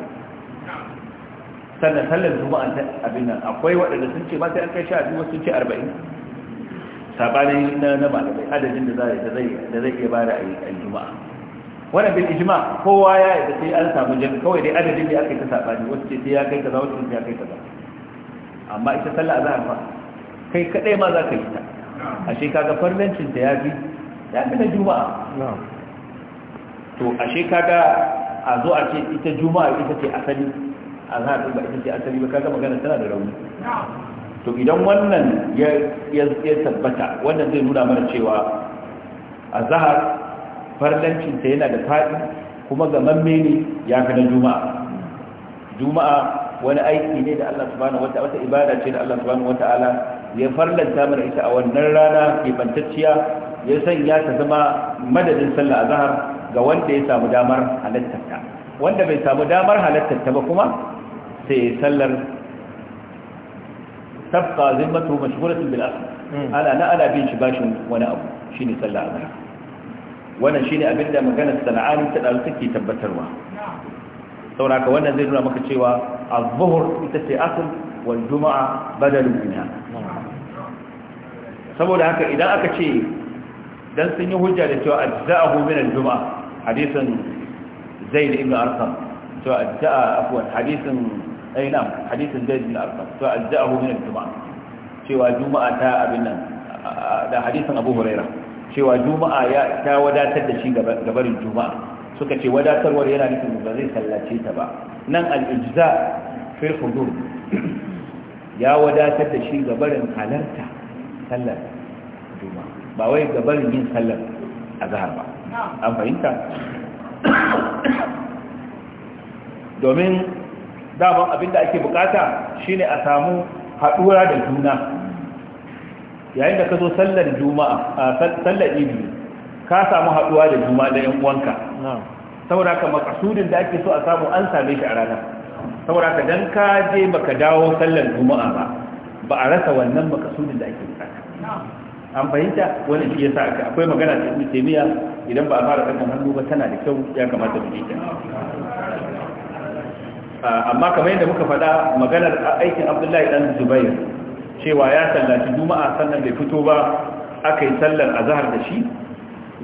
sannan sallar zuwa ta abin nan akwai waɗanda sun ce masu sai kai sha biyu sun ce arba'in sabanin na na malamai adadin da za a da zai iya bada a juma'a wannan bin ijma kowa ya yi da sai an samu jami kawai dai adadin da aka yi ta sabani wasu ce sai ya kai kaza wasu ce ya kai kaza amma ita sallah azhar fa kai kadai ma za ka yi ta ashe kaga farlancin ta ya yafi na juma'a to ashe kaga a zo a ce ita juma'a ita ce asali a za a ba ita ce asali ba kaga magana tana da rauni to idan wannan ya tabbata wannan zai nuna mana cewa a zahar farlancinta yana da faɗi kuma ga mamme ne ya fi na juma'a juma'a wani aiki ne da Allah subhanahu wata wata ibada ce da Allah subhanahu wata'ala ya farlanta mana ita a wannan rana ke bantacciya ya sanya ta zama madadin sallah azhar ga wanda ya samu damar halattarta wanda bai samu damar halattarta ba kuma sai sallar tafka zimmatu mashghulatun bil asl hmm. ala na ala bin shi bashin wani abu shine sallar azhar wannan shine abinda maganar sana'ani ta dalu take tabbatarwa sauraka wannan zai nuna maka cewa az-zuhr ita ce asl wal juma'a badalun minha saboda haka idan aka ce dan sun yi hujja da cewa ajza'ahu min al-juma'a hadisin zaid ibn arqam to adda'a afwan hadisin ai eh, na'am hadisin zaid ibn arqam to adda'ahu min al-jum'a cewa juma'a ta abin nan da hadisin abu huraira cewa juma'a ta wadatar da shi gabarin juma'a suka ce wadatarwar yana nufin ba zai sallace ta ba nan al-ijza fil hudur ya wadatar da shi gabarin halarta sallar juma'a ba wai gabarin yin sallar a azhar ba A fahimta domin daban abinda ake bukata shine a samu haɗura da juna yayin da ka zo sallar juma'a sallar ibi ka samu haɗuwa da juma'a da yan uwanka saboda ka makasudin da ake so a samu an same shi a rana saboda ka don ka je baka dawo sallar juma'a ba ba a rasa wannan makasudin da ake bukata an fahimta wani shi yasa akwai magana ta ibnu taymiya idan ba a fara ɗaga hannu ba tana da kyau ya kamata mu ta amma kamar yadda muka faɗa maganar aikin abdullahi dan zubair cewa ya sallaci juma'a sannan bai fito ba aka yi sallar azhar da shi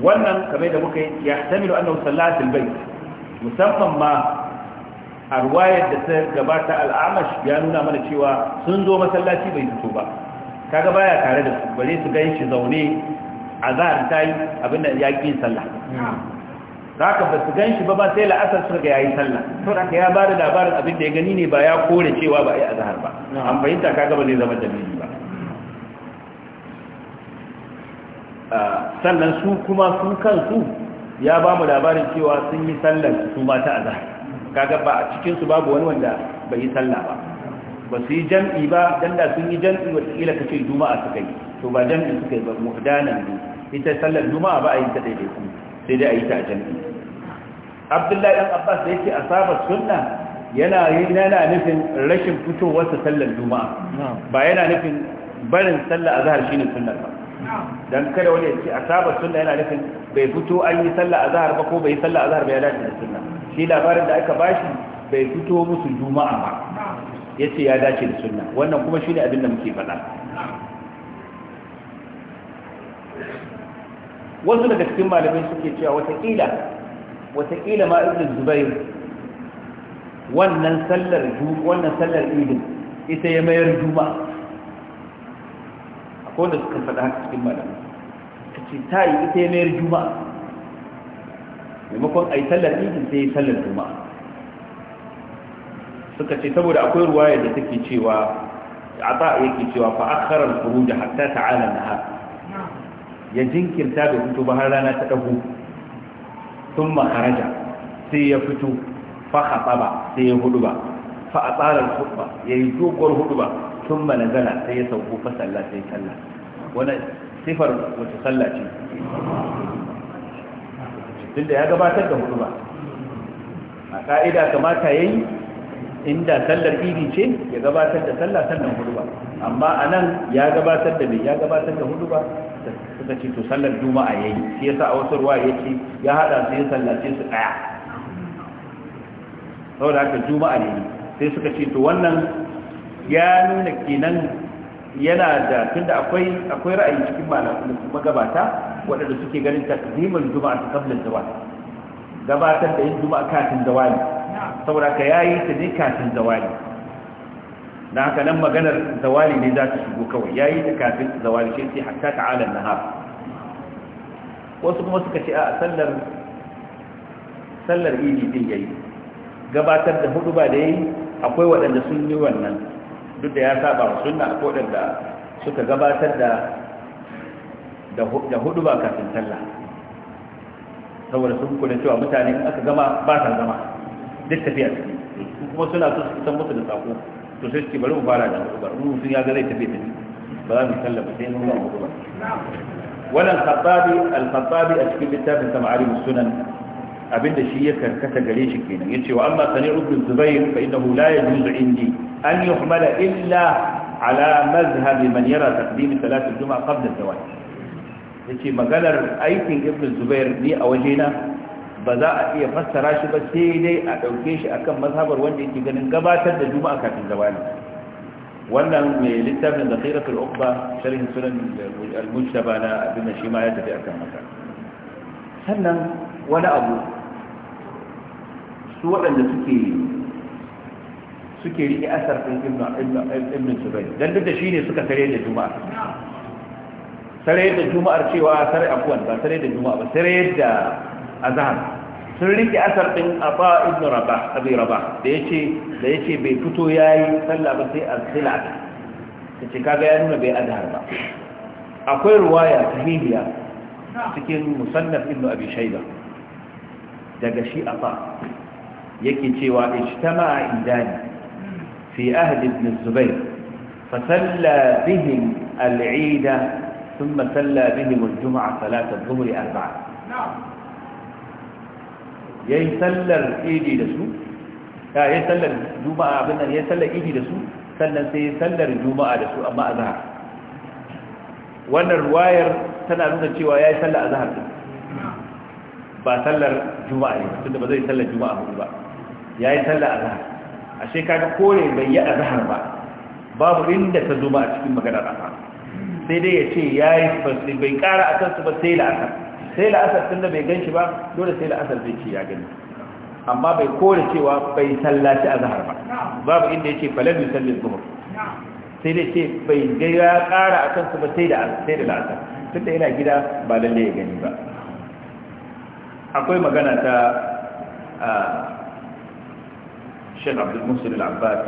wannan kamar yadda muka yi ya tamilu annahu sallatul bayt musamman ma a ruwayar da ta gabata al'amash ya nuna mana cewa sun zo masallaci bai fito ba kaga baya tare da su bare su gan shi zaune azhar ta yi abinda ya ki sallah zaka ba su gan shi ba ba sai la'asar suka ga yayi sallah to da ya bada labarin abinda ya gani ne ba ya kore cewa ba ai azhar ba an fahimta kaga ba zai zama dalili ba sannan su kuma su kansu ya ba mu labarin cewa sun yi sallar su mata azhar kaga ba a cikin su babu wani wanda bai yi sallah ba ba su yi jam'i ba don da sun yi jam'i wataƙila ka ce juma'a suka yi to ba jam'i suka yi ba muhdanan ne ita sallar juma'a ba a yi ta daidai ku sai dai a yi ta a jam'i abdullahi ɗan abbas da yake asaba sunna yana yana nufin rashin fitowar sa sallar juma'a ba yana nufin barin sallar shi shine sunnar ba Don kada wani ya a asaba suna yana nufin bai fito an yi sallar zahar ba ko bai yi sallar zahar ba ya dace da sunna shi labarin da aka bashi bai fito musu juma'a ba Ya ce ya dace da sunna wannan kuma shine abin da muke faɗa wasu daga cikin malamai suke cewa watakila watakila ma ibn zubair wannan sallar wannan sallar idin ita ya mayar juma akwai wanda suka faɗa haka cikin malamai ce ta yi ita ya mayar juma maimakon a yi sallar idin sai yi sallar juma'a suka ce saboda akwai ruwaya da take cewa ata yake cewa fa akhara al-khuruj hatta ta'ala nahar ya jinkirta da fito ba har rana ta dago thumma kharaja sai ya fito fa khataba sai ya huduba fa atala al-khutba yayi doguwar huduba thumma nazala sai ya sauko fa sallah sai sallah wannan sifar wata sallah ce tunda ya gabatar da huduba a ka'ida kamata yayi inda sallar idi ce ya gabatar da sallah sannan huduba amma a nan ya gabatar da mai ya gabatar da huduba suka ce to sallar juma'a ya yi shi yasa a wasu ruwa ya ce ya haɗa su ya sallace su ɗaya saboda haka juma'a ne sai suka ce to wannan ya nuna kenan yana da tunda akwai akwai ra'ayi cikin kuma magabata waɗanda suke ganin takdimin juma'a ta kafin zawali gabatar da yin juma'a kafin zawali saboda ka yayi ta ne kafin zawali da haka nan maganar zawali ne za ta shigo kawai yayi ta kafin zawali shi sai hatta ta'ala nahar wasu kuma suka ce a sallar sallar idi din yayi gabatar da hudu ba da yayi akwai waɗanda sun yi wannan duk da ya saba wa sunna akwai waɗanda suka gabatar da da hudu ba kafin sallah saboda sun kula cewa mutane aka gama ba ta zama duk tafiya ciki kuma suna so su san musu da sako to sai suke bari mu fara da hudubar mu sun ya ga zai tafi tafi ba za mu sallama sai mun ga hudubar wannan khattabi al-khattabi a cikin littafin sa ma'arif sunan abinda shi ya karkata gare shi kenan yace wa amma sani ibn zubair fa innahu la yajuzu indi an yuhmala illa ala mazhab man yara taqdim salat al-jum'a qabla al-zawaj yace maganar aikin ibn zubair ni a wajena ba za a iya fassara shi ba sai dai a ɗauke shi akan mazhabar wanda yake ganin gabatar da juma'a kafin zawali wannan mai littafin da tsira fil ukba sharhin sunan al-mujtaba na abin da shi ma ya tafi akan haka sannan wani abu su waɗanda suke suke riƙe asar ɗin ibn zubair dan duk da shi ne suka tare da juma'a tare da juma'ar cewa tare abuwan ba tare da juma'a ba tare da azhar sun rike asar din aba ibn rabah abi rabah da yace da yace bai fito yayi sallah ba sai azhila tace kaga ya nuna bai azhar ba akwai ruwaya sahihiya cikin musannaf ibn abi shayba daga shi aba yake cewa ijtama'a indani fi ahli ibn zubayr fasalla bihim al-eid ثم صلى بهم الجمعة صلاة الظهر ya yi sallar idi da su ya yi sallar juma'a abin nan ya yi sallar idi da su sannan sai ya yi sallar juma'a da su amma a zahar wannan ruwayar tana nuna cewa ya yi sallar a zahar ba sallar juma'a ne tunda ba zai sallar juma'a hudu ba ya yi sallar a zahar A kaga kore bai yi a zahar ba babu inda ta zo a cikin maganar asar sai dai ya ce ya yi bai kara a kansu ba sai la'asar sai la'asar tun da bai gan shi ba dole sai la'asar zai ce ya gani amma bai kore cewa bai sallaci a zahar ba babu inda ya ce falal sallin zuhur sai dai ce bai ga ya kara a kansu ba sai da la'asar tun da yana gida ba lalle ya gani ba akwai magana ta Sheikh Abdul Musul Al-Abbas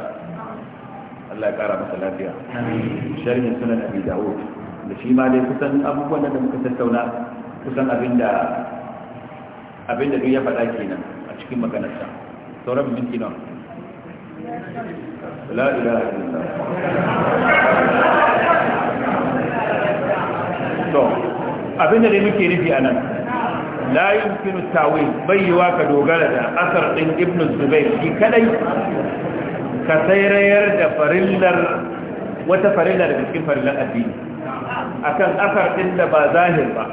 Allah ya kara masa lafiya sharhin sunan Abi Dawud da shi ma dai kusan abubuwan da muka tattauna kusan abinda abinda duk ya faɗa kenan a cikin maganarsa sauran minti nawa la ilaha illallah to abinda dai muke nufi anan la yumkinu tawil bayyawa ka dogara da asar ɗin Ibnus zubair shi kadai ka sayrayar da farillar wata farilla daga cikin farillan addini akan asar ɗin da ba zahir ba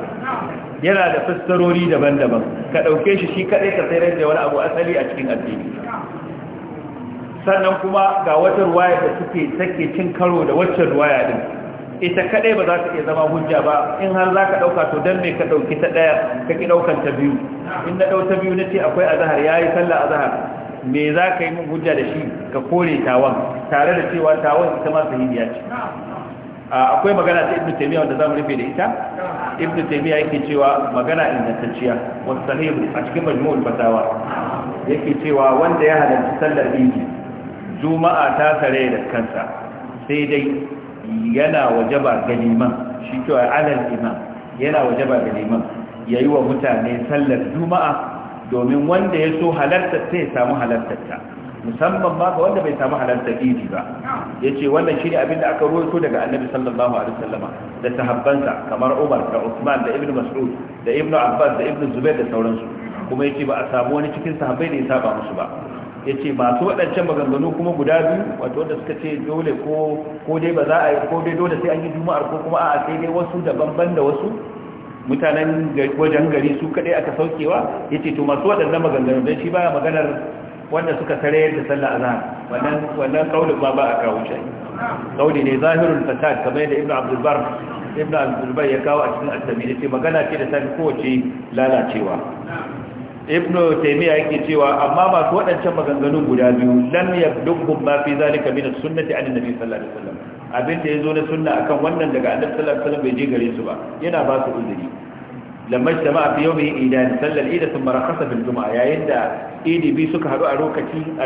yana da fassarori daban-daban ka ɗauke shi shi kaɗai ka tsere da wani abu asali a cikin addini sannan kuma ga wata ruwaya da suke take cin karo da waccan ruwaya din ita kaɗai ba za ta iya zama hujja ba in har za ka ɗauka to don me ka ɗauki ta ɗaya ka ki ɗaukan ta biyu in na ɗau ta biyu na ce akwai azahar ya yi sallah azahar me za ka yi min hujja da shi ka kore tawon tare da cewa tawon ita ma sahihiya ce akwai magana ta ibnu taymiya wanda zamu rufe da ita ibnu taymiya yake cewa magana ingantacciya wasu sahihu a cikin majmu'ul fatawa yake cewa wanda ya halarci sallar idi juma'a ta tare da kansa sai dai yana wajaba ga liman shi wa alal imam yana wajaba ga liman yayi wa mutane sallar juma'a domin wanda ya so halarta sai ya samu halartarta musamman ma ga wanda bai samu halartar idi ba yace wannan shine abin da aka rawaito daga annabi sallallahu alaihi wasallama da sahabbansa kamar Umar da usman da Ibn Mas'ud da Ibn Abbas da Ibn Zubair da sauransu kuma yace ba a samu wani cikin sahabbai da ya saba musu ba yace masu waɗancan maganganu kuma guda biyu wato wanda suka ce dole ko ko dai ba za a yi ko dai dole sai an yi juma'ar ko kuma a'a sai dai wasu daban-ban da wasu mutanen wajen gari su kadai aka saukewa yace to masu waɗannan maganganu dai shi baya maganar wanda suka kare da sallah azhar wannan wannan kaulin ma ba a kawo shi kauli ne zahirul fasad kamar da ibnu abdul bar ibnu abdul bar ya kawo a cikin at-tamimi ce magana ce da ta kowace lalacewa ibnu taymiya yake cewa amma masu wadancan maganganun guda biyu lam yabdukum ma fi zalika min as-sunnati an nabi sallallahu alaihi wasallam abin da yazo na sunna akan wannan daga annabi sallallahu alaihi wasallam bai je gare su ba yana ba su uzuri lamma jama'a fi yawmi idan sallar ida sun rakhasa bil juma'a yayin da adb suka haɗu a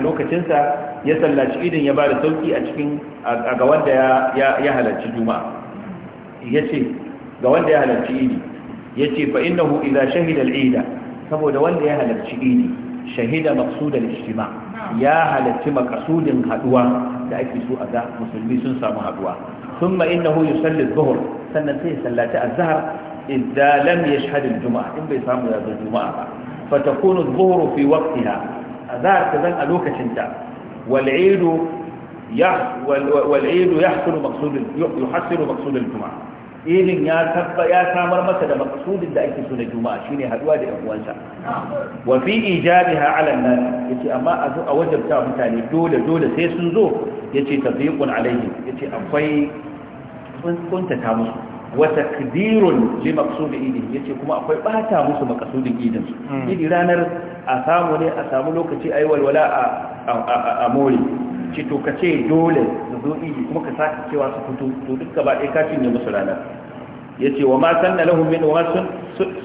lokaci a ya sallaci idan ya bada sauki a cikin ga wanda ya ya halarci juma'a yace ga wanda ya halarci idi fa ida saboda wanda ya halarci idi shahida maqsud al ya halarci makasudin haduwa da ake so a ga musulmi sun samu haduwa thumma innahu yusalli dhuhr sannan sai ya sallaci azhar idda lam yashhad al-jum'a in bai samu ya zo juma'a ba fa takunu adh-dhuhru fi waqtiha azhar a lokacin ta wal 'id wal 'id yahsulu maqsud yuhassilu maqsud al-jum'a idin ya tabba ya samar masa da maqsudin da ake so na juma'a shine haduwa da yan uwansa wa fi ijabiha 'ala an-nas yace amma a zo a wajabta mutane dole dole sai sun zo yace tabiqun alaihim yace akwai kuntata musu wa takdirun li maqsudi idin yace kuma akwai bata musu makasudin idin su hmm. idi ranar a samu ne a samu lokaci ayi walwala a a more ce to kace dole su zo idi kuma ka saka cewa su fito to duk ba ɗaya ka cinye musu rana yace wa ma sanna lahum min wa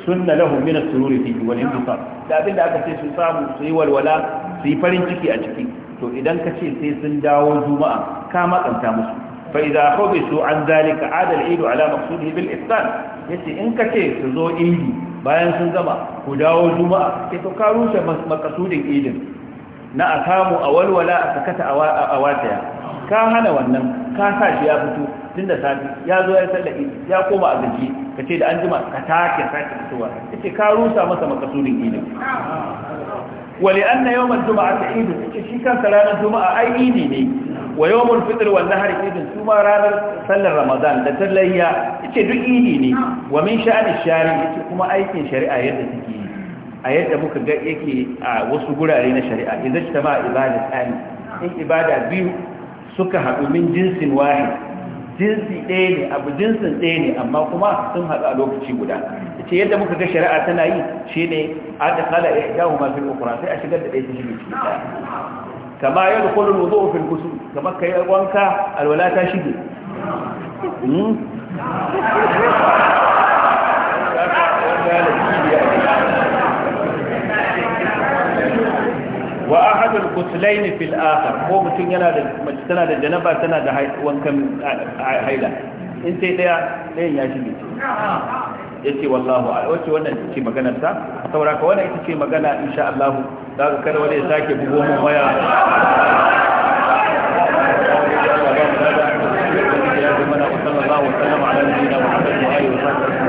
sunna lahum min as fi wal infaq da abin da aka ce su samu su yi walwala su yi farin ciki a ciki to idan ka ce sai sun dawo juma'a ka makanta musu fa bai so an zalika ada al-idu ala maqsudihi bil ihsan yace in kace su zo idi bayan sun gama ku dawo juma'a sai to ka rushe maqsudin idin na a samu a walwala a sakata a wataya ka hana wannan ka sa shi ya fito tun da safi ya zo ya sallar idi ya koma a gaji ka da ka ka rusa masa makasudin an na shi kansa ranar juma'a ai idi ne wa yawmul na wal nahar idin su ma ranar sallar ramadan da tallayya ce duk idi ne wa min sha'ani shari yace kuma aikin shari'a yadda take yi a yadda muka ga yake a wasu gurare na shari'a idan ta ma ibada tsani in ibada biyu suka haɗu min jinsin wahid jinsi ɗaya ne abu jinsin ɗaya ne amma kuma sun haɗu a lokaci guda ce yadda muka ga shari'a tana yi shi ne a ta kala ya dawo mafi ukura sai a shigar da ɗaya ta shi ne kama yau da kwallon wuzo ofin kusur kama ka yi wanka alwala ta shige hmm? wa ahadul kuslain fil akhar ko mutum yana da mace tana da janaba tana da wankan haila in sai daya ɗayan ya shige yace wallahu a wace wannan ce maganar sa saboda ka wannan ita ce magana insha Allah za ka kada wani ya sake bugo mun waya sallallahu alaihi wa sallam ala nabiyina muhammad wa alihi wa sahbihi